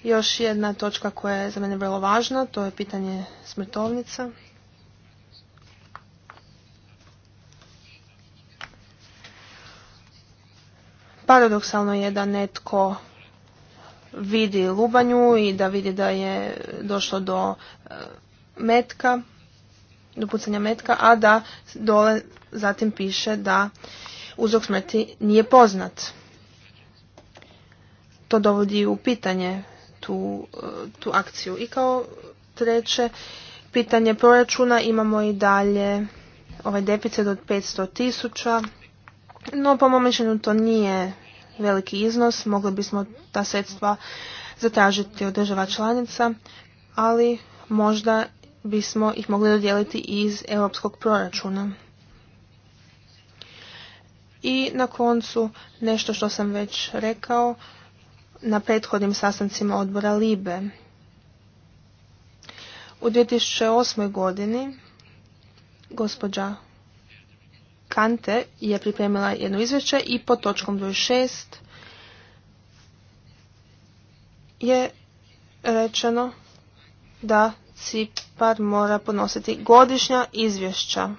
još jedna točka koja je za mene vrlo važna, to je pitanje smrtovnica. Paradoksalno je da netko vidi lubanju i da vidi da je došlo do e, metka, do pucanja metka, a da dole zatim piše da uzrok smrti nije poznat. To dovodi u pitanje tu, e, tu akciju. I kao treće, pitanje proračuna imamo i dalje ovaj deficit od 500 tisuća, no po mom mišljenju to nije veliki iznos, mogli bismo ta sredstva zatražiti od država članica, ali možda bismo ih mogli dodijeliti iz europskog proračuna. I na koncu nešto što sam već rekao na prethodnim sastancima odbora Libe. U 2008. godini gospođa Kante je pripremila jedno izvješće i pod točkom broj 6 je rečeno da Cipar mora podnositi godišnja izvješća.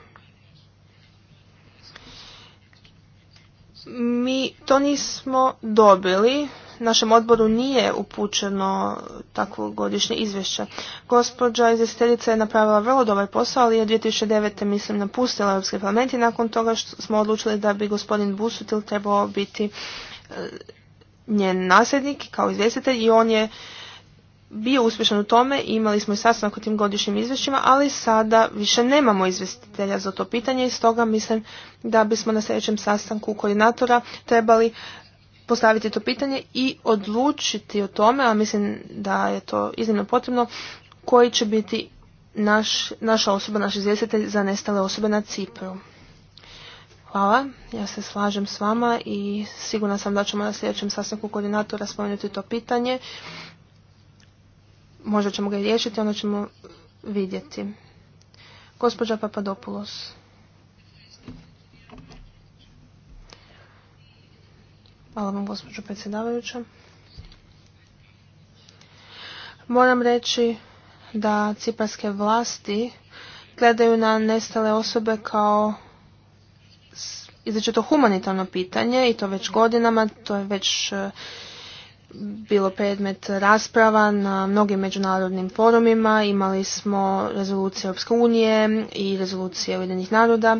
Mi to nismo dobili našem odboru nije upućeno takvo godišnje izvješće. Gospođa izvjestiteljica je napravila vrlo dobar posao, ali je 2009. mislim napustila Europski parlament i nakon toga što smo odlučili da bi gospodin Busutil trebao biti e, njen nasljednik kao izvjestitelj i on je bio uspješan u tome i imali smo i sastanak o tim godišnjim izvješćima, ali sada više nemamo izvjestitelja za to pitanje i stoga mislim da bismo na sljedećem sastanku koordinatora trebali postaviti to pitanje i odlučiti o tome, a mislim da je to iznimno potrebno, koji će biti naš, naša osoba, naš izvjestitelj za nestale osobe na Cipru. Hvala, ja se slažem s vama i sigurna sam da ćemo na sljedećem sastanku koordinatora spomenuti to pitanje. Možda ćemo ga i riješiti, onda ćemo vidjeti. Gospođa Papadopoulos. Hvala vam, gospođo predsjedavajuća. Moram reći da ciparske vlasti gledaju na nestale osobe kao izrečito humanitarno pitanje i to već godinama, to je već e, bilo predmet rasprava na mnogim međunarodnim forumima, imali smo rezolucije Europske unije i rezolucije Ujedinih naroda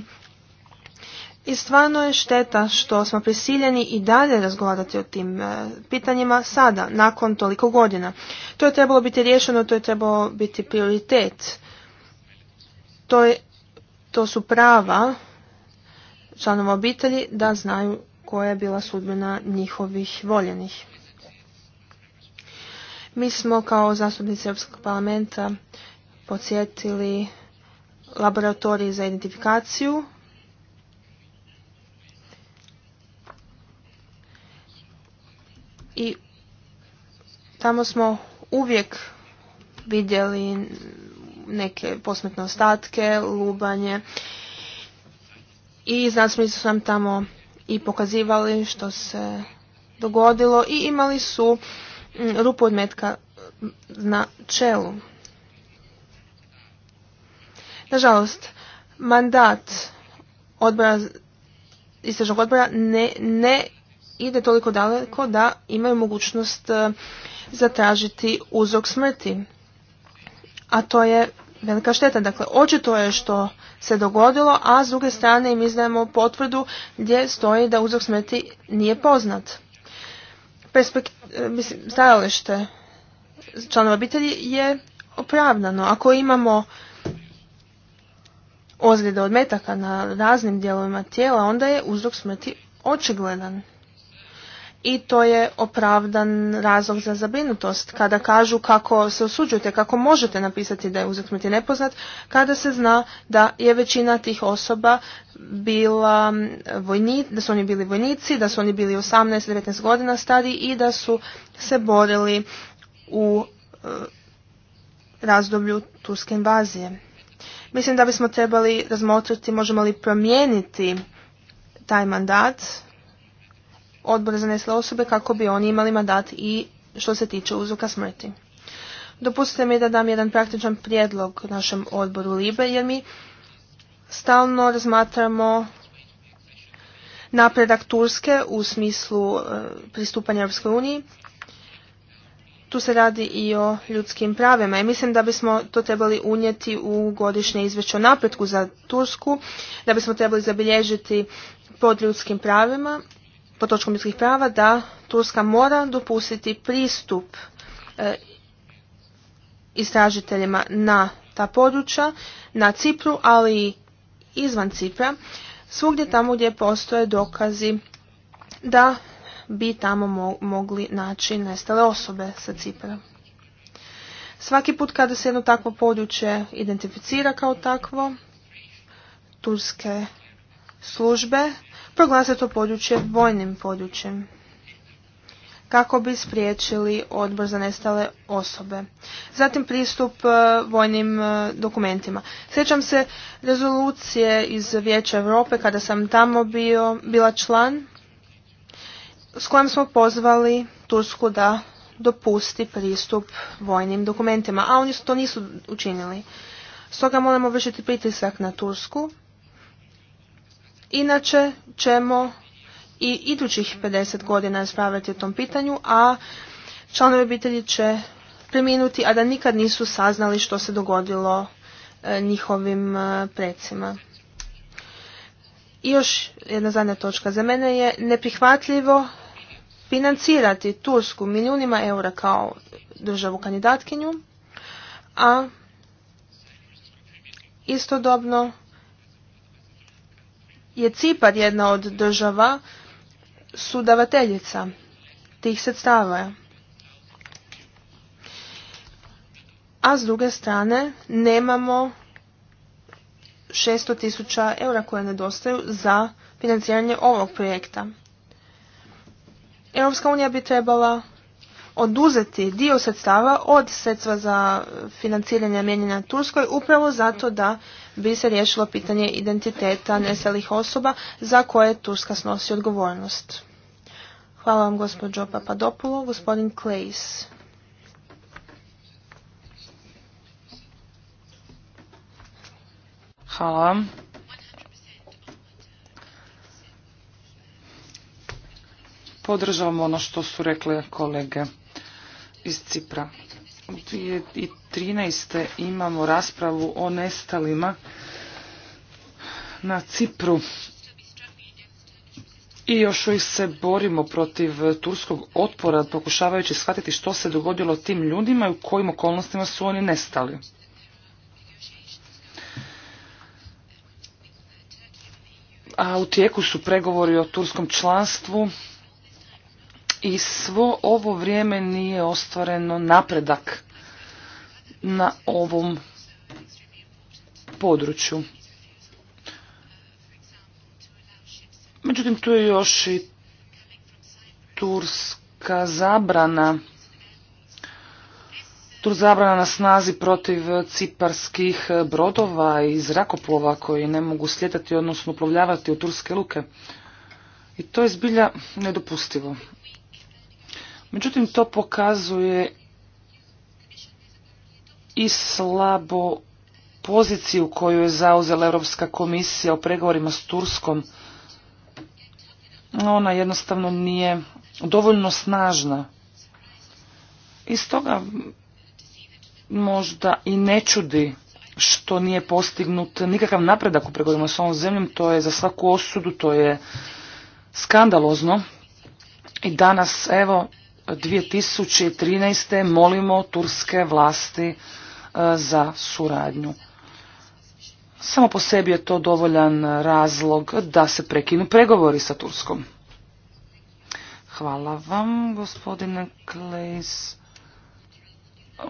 i stvarno je šteta što smo prisiljeni i dalje razgovarati o tim e, pitanjima sada, nakon toliko godina. To je trebalo biti rješeno, to je trebalo biti prioritet. To, je, to su prava članova obitelji da znaju koja je bila sudbina njihovih voljenih. Mi smo kao zastupnici Europskog parlamenta podsjetili laboratoriji za identifikaciju i tamo smo uvijek vidjeli neke posmetne ostatke, lubanje i znanstvenici su nam tamo i pokazivali što se dogodilo i imali su mm, rupu od metka na čelu. Nažalost, mandat odbora istražnog odbora ne, ne ide toliko daleko da imaju mogućnost e, zatražiti uzrok smrti. A to je velika šteta. Dakle, očito je što se dogodilo, a s druge strane im izdajemo potvrdu gdje stoji da uzrok smrti nije poznat. E, mislim, stajalište članova obitelji je opravdano. Ako imamo ozljede od metaka na raznim dijelovima tijela, onda je uzrok smrti očigledan i to je opravdan razlog za zabrinutost kada kažu kako se osuđujete, kako možete napisati da je uzak nepoznat, kada se zna da je većina tih osoba bila vojnici, da su oni bili vojnici, da su oni bili 18-19 godina stari i da su se borili u e, razdoblju turske invazije. Mislim da bismo trebali razmotriti možemo li promijeniti taj mandat Odbor za nesle osobe kako bi oni imali mandat i što se tiče uzroka smrti. Dopustite mi da dam jedan praktičan prijedlog našem odboru Libe jer mi stalno razmatramo napredak Turske u smislu e, pristupanja Europskoj uniji. Tu se radi i o ljudskim pravima i mislim da bismo to trebali unijeti u godišnje izvješće o napretku za Tursku, da bismo trebali zabilježiti pod ljudskim pravima pod točkom prava da Turska mora dopustiti pristup e, istražiteljima na ta područja, na Cipru, ali i izvan Cipra, svugdje tamo gdje postoje dokazi da bi tamo mogli naći nestale osobe sa Cipra. Svaki put kada se jedno takvo područje identificira kao takvo, turske službe proglase to područje vojnim područjem kako bi spriječili odbor za nestale osobe. Zatim pristup e, vojnim e, dokumentima. Sjećam se rezolucije iz Vijeća Europe kada sam tamo bio, bila član s kojom smo pozvali Tursku da dopusti pristup vojnim dokumentima, a oni to nisu učinili. Stoga moramo vršiti pritisak na Tursku Inače ćemo i idućih 50 godina raspravljati o tom pitanju, a članovi obitelji će preminuti, a da nikad nisu saznali što se dogodilo e, njihovim e, precima. I još jedna zadnja točka za mene je neprihvatljivo financirati Tursku milijunima eura kao državu kandidatkinju, a istodobno je Cipar jedna od država sudavateljica tih sredstava. A s druge strane nemamo 600 tisuća eura koje nedostaju za financiranje ovog projekta. Europska unija bi trebala oduzeti dio sredstava od sredstva za financiranje na Turskoj upravo zato da bi se riješilo pitanje identiteta neselih osoba za koje Turska snosi odgovornost. Hvala vam gospođo Papadopulo, gospodin Klejs.
Hvala vam. Podržavam ono što su rekle kolege iz Cipra. U 2013. imamo raspravu o nestalima na Cipru. I još uvijek se borimo protiv turskog otpora, pokušavajući shvatiti što se dogodilo tim ljudima i u kojim okolnostima su oni nestali. A u tijeku su pregovori o turskom članstvu i svo ovo vrijeme nije ostvareno napredak na ovom području. Međutim, tu je još i turska zabrana tur zabrana na snazi protiv ciparskih brodova i zrakoplova koji ne mogu slijetati, odnosno uplovljavati u turske luke. I to je zbilja nedopustivo. Međutim, to pokazuje i slabo poziciju koju je zauzela Europska komisija o pregovorima s Turskom. Ona jednostavno nije dovoljno snažna. I stoga možda i ne čudi što nije postignut nikakav napredak u pregovorima s ovom zemljom. To je za svaku osudu, to je skandalozno. I danas, evo, 2013. molimo turske vlasti e, za suradnju. Samo po sebi je to dovoljan razlog da se prekinu pregovori sa Turskom. Hvala vam, gospodine Klejs.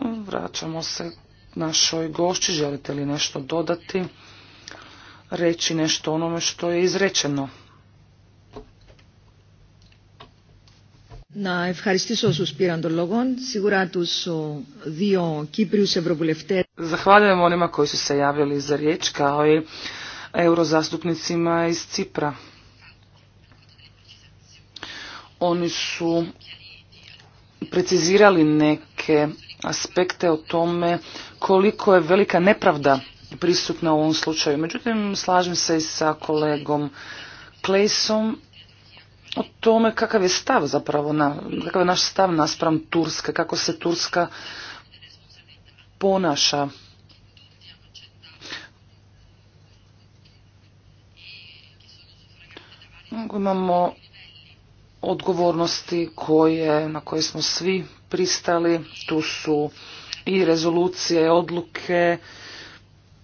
Vraćamo se našoj gošći. Želite li nešto dodati? Reći nešto onome što je izrečeno. Zahvaljujem onima koji su se javili za riječ kao i eurozastupnicima iz Cipra. Oni su precizirali neke aspekte o tome koliko je velika nepravda prisutna u ovom slučaju. Međutim, slažem se i sa kolegom Klejsom o tome kakav je stav zapravo, na, kakav je naš stav naspram Turske, kako se Turska ponaša. Imamo odgovornosti koje, na koje smo svi pristali. Tu su i rezolucije, odluke,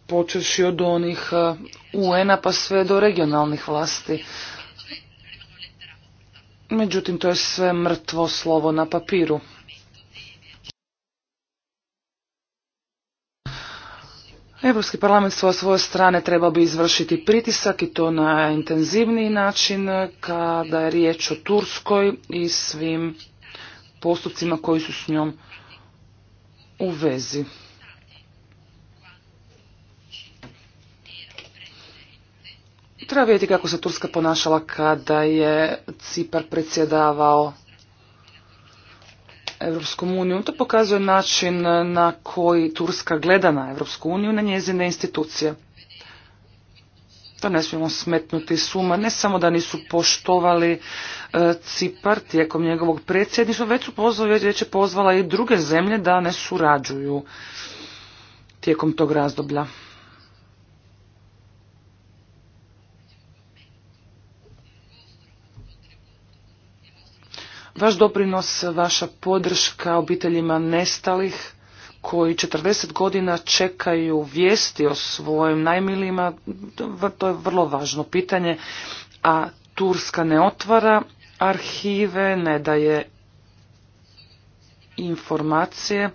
počeši od onih eh, UN-a pa sve do regionalnih vlasti. Međutim, to je sve mrtvo slovo na papiru. Europski parlament sa svoje strane treba bi izvršiti pritisak i to na intenzivniji način kada je riječ o Turskoj i svim postupcima koji su s njom u vezi. Treba vidjeti kako se Turska ponašala kada je Cipar predsjedavao Europskom unijom. To pokazuje način na koji Turska gleda na Europsku uniju, na njezine institucije. To ne smijemo smetnuti suma. Ne samo da nisu poštovali e, Cipar tijekom njegovog predsjedništva, već, već je pozvala i druge zemlje da ne surađuju tijekom tog razdoblja. vaš doprinos, vaša podrška obiteljima nestalih koji 40 godina čekaju vijesti o svojim najmilijima, to je vrlo važno pitanje, a Turska ne otvara arhive, ne daje informacije.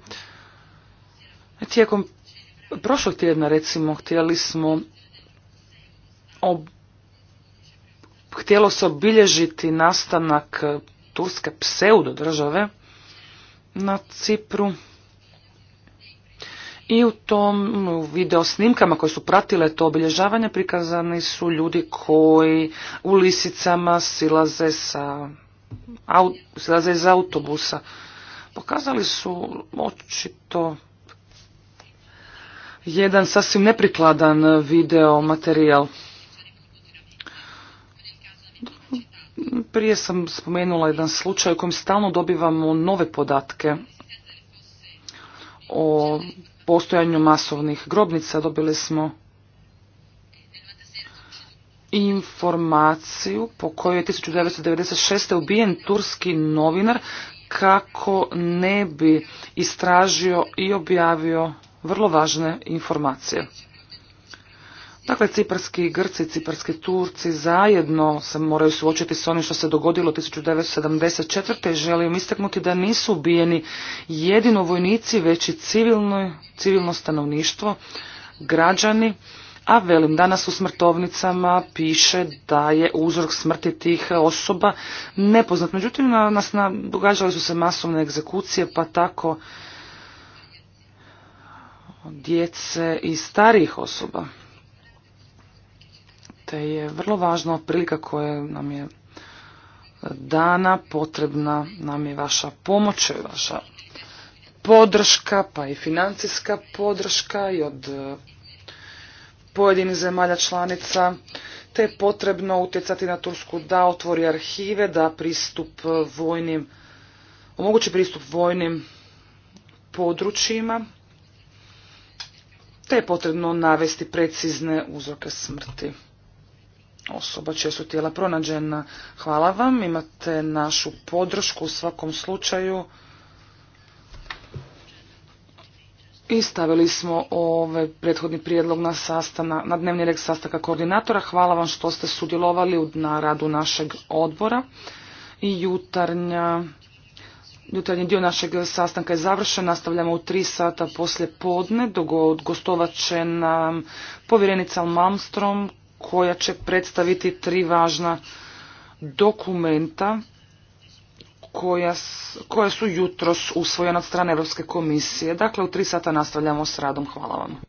Tijekom prošlog tjedna recimo htjeli smo htjelo se obilježiti nastanak turske pseudo države na Cipru. I u tom video snimkama koje su pratile to obilježavanje prikazani su ljudi koji u lisicama silaze, sa, silaze iz autobusa. Pokazali su očito jedan sasvim neprikladan video materijal. Prije sam spomenula jedan slučaj u kojem stalno dobivamo nove podatke o postojanju masovnih grobnica. Dobili smo informaciju po kojoj je 1996. ubijen turski novinar kako ne bi istražio i objavio vrlo važne informacije. Dakle, ciparski Grci, ciparski Turci zajedno se moraju suočiti s onim što se dogodilo 1974. i želim istaknuti da nisu ubijeni jedino vojnici, već i civilno, civilno stanovništvo, građani, a velim danas u smrtovnicama piše da je uzrok smrti tih osoba nepoznat. Međutim, na, nas na, događale su se masovne egzekucije, pa tako djece i starijih osoba te je vrlo važna prilika koja nam je dana, potrebna nam je vaša pomoć, vaša podrška, pa i financijska podrška i od e, pojedinih zemalja članica, te je potrebno utjecati na Tursku da otvori arhive, da pristup vojnim, omogući pristup vojnim područjima, te je potrebno navesti precizne uzroke smrti osoba čija su tijela pronađena. Hvala vam, imate našu podršku u svakom slučaju. I stavili smo ovaj prethodni prijedlog na, sastana, na dnevni red sastaka koordinatora. Hvala vam što ste sudjelovali na radu našeg odbora. I jutarnja, jutarnji dio našeg sastanka je završen. Nastavljamo u tri sata poslije podne. Gostovat će nam povjerenica Malmstrom koja će predstaviti tri važna dokumenta koja, su jutros usvojena od strane Europske komisije. Dakle, u tri sata nastavljamo s radom. Hvala vam.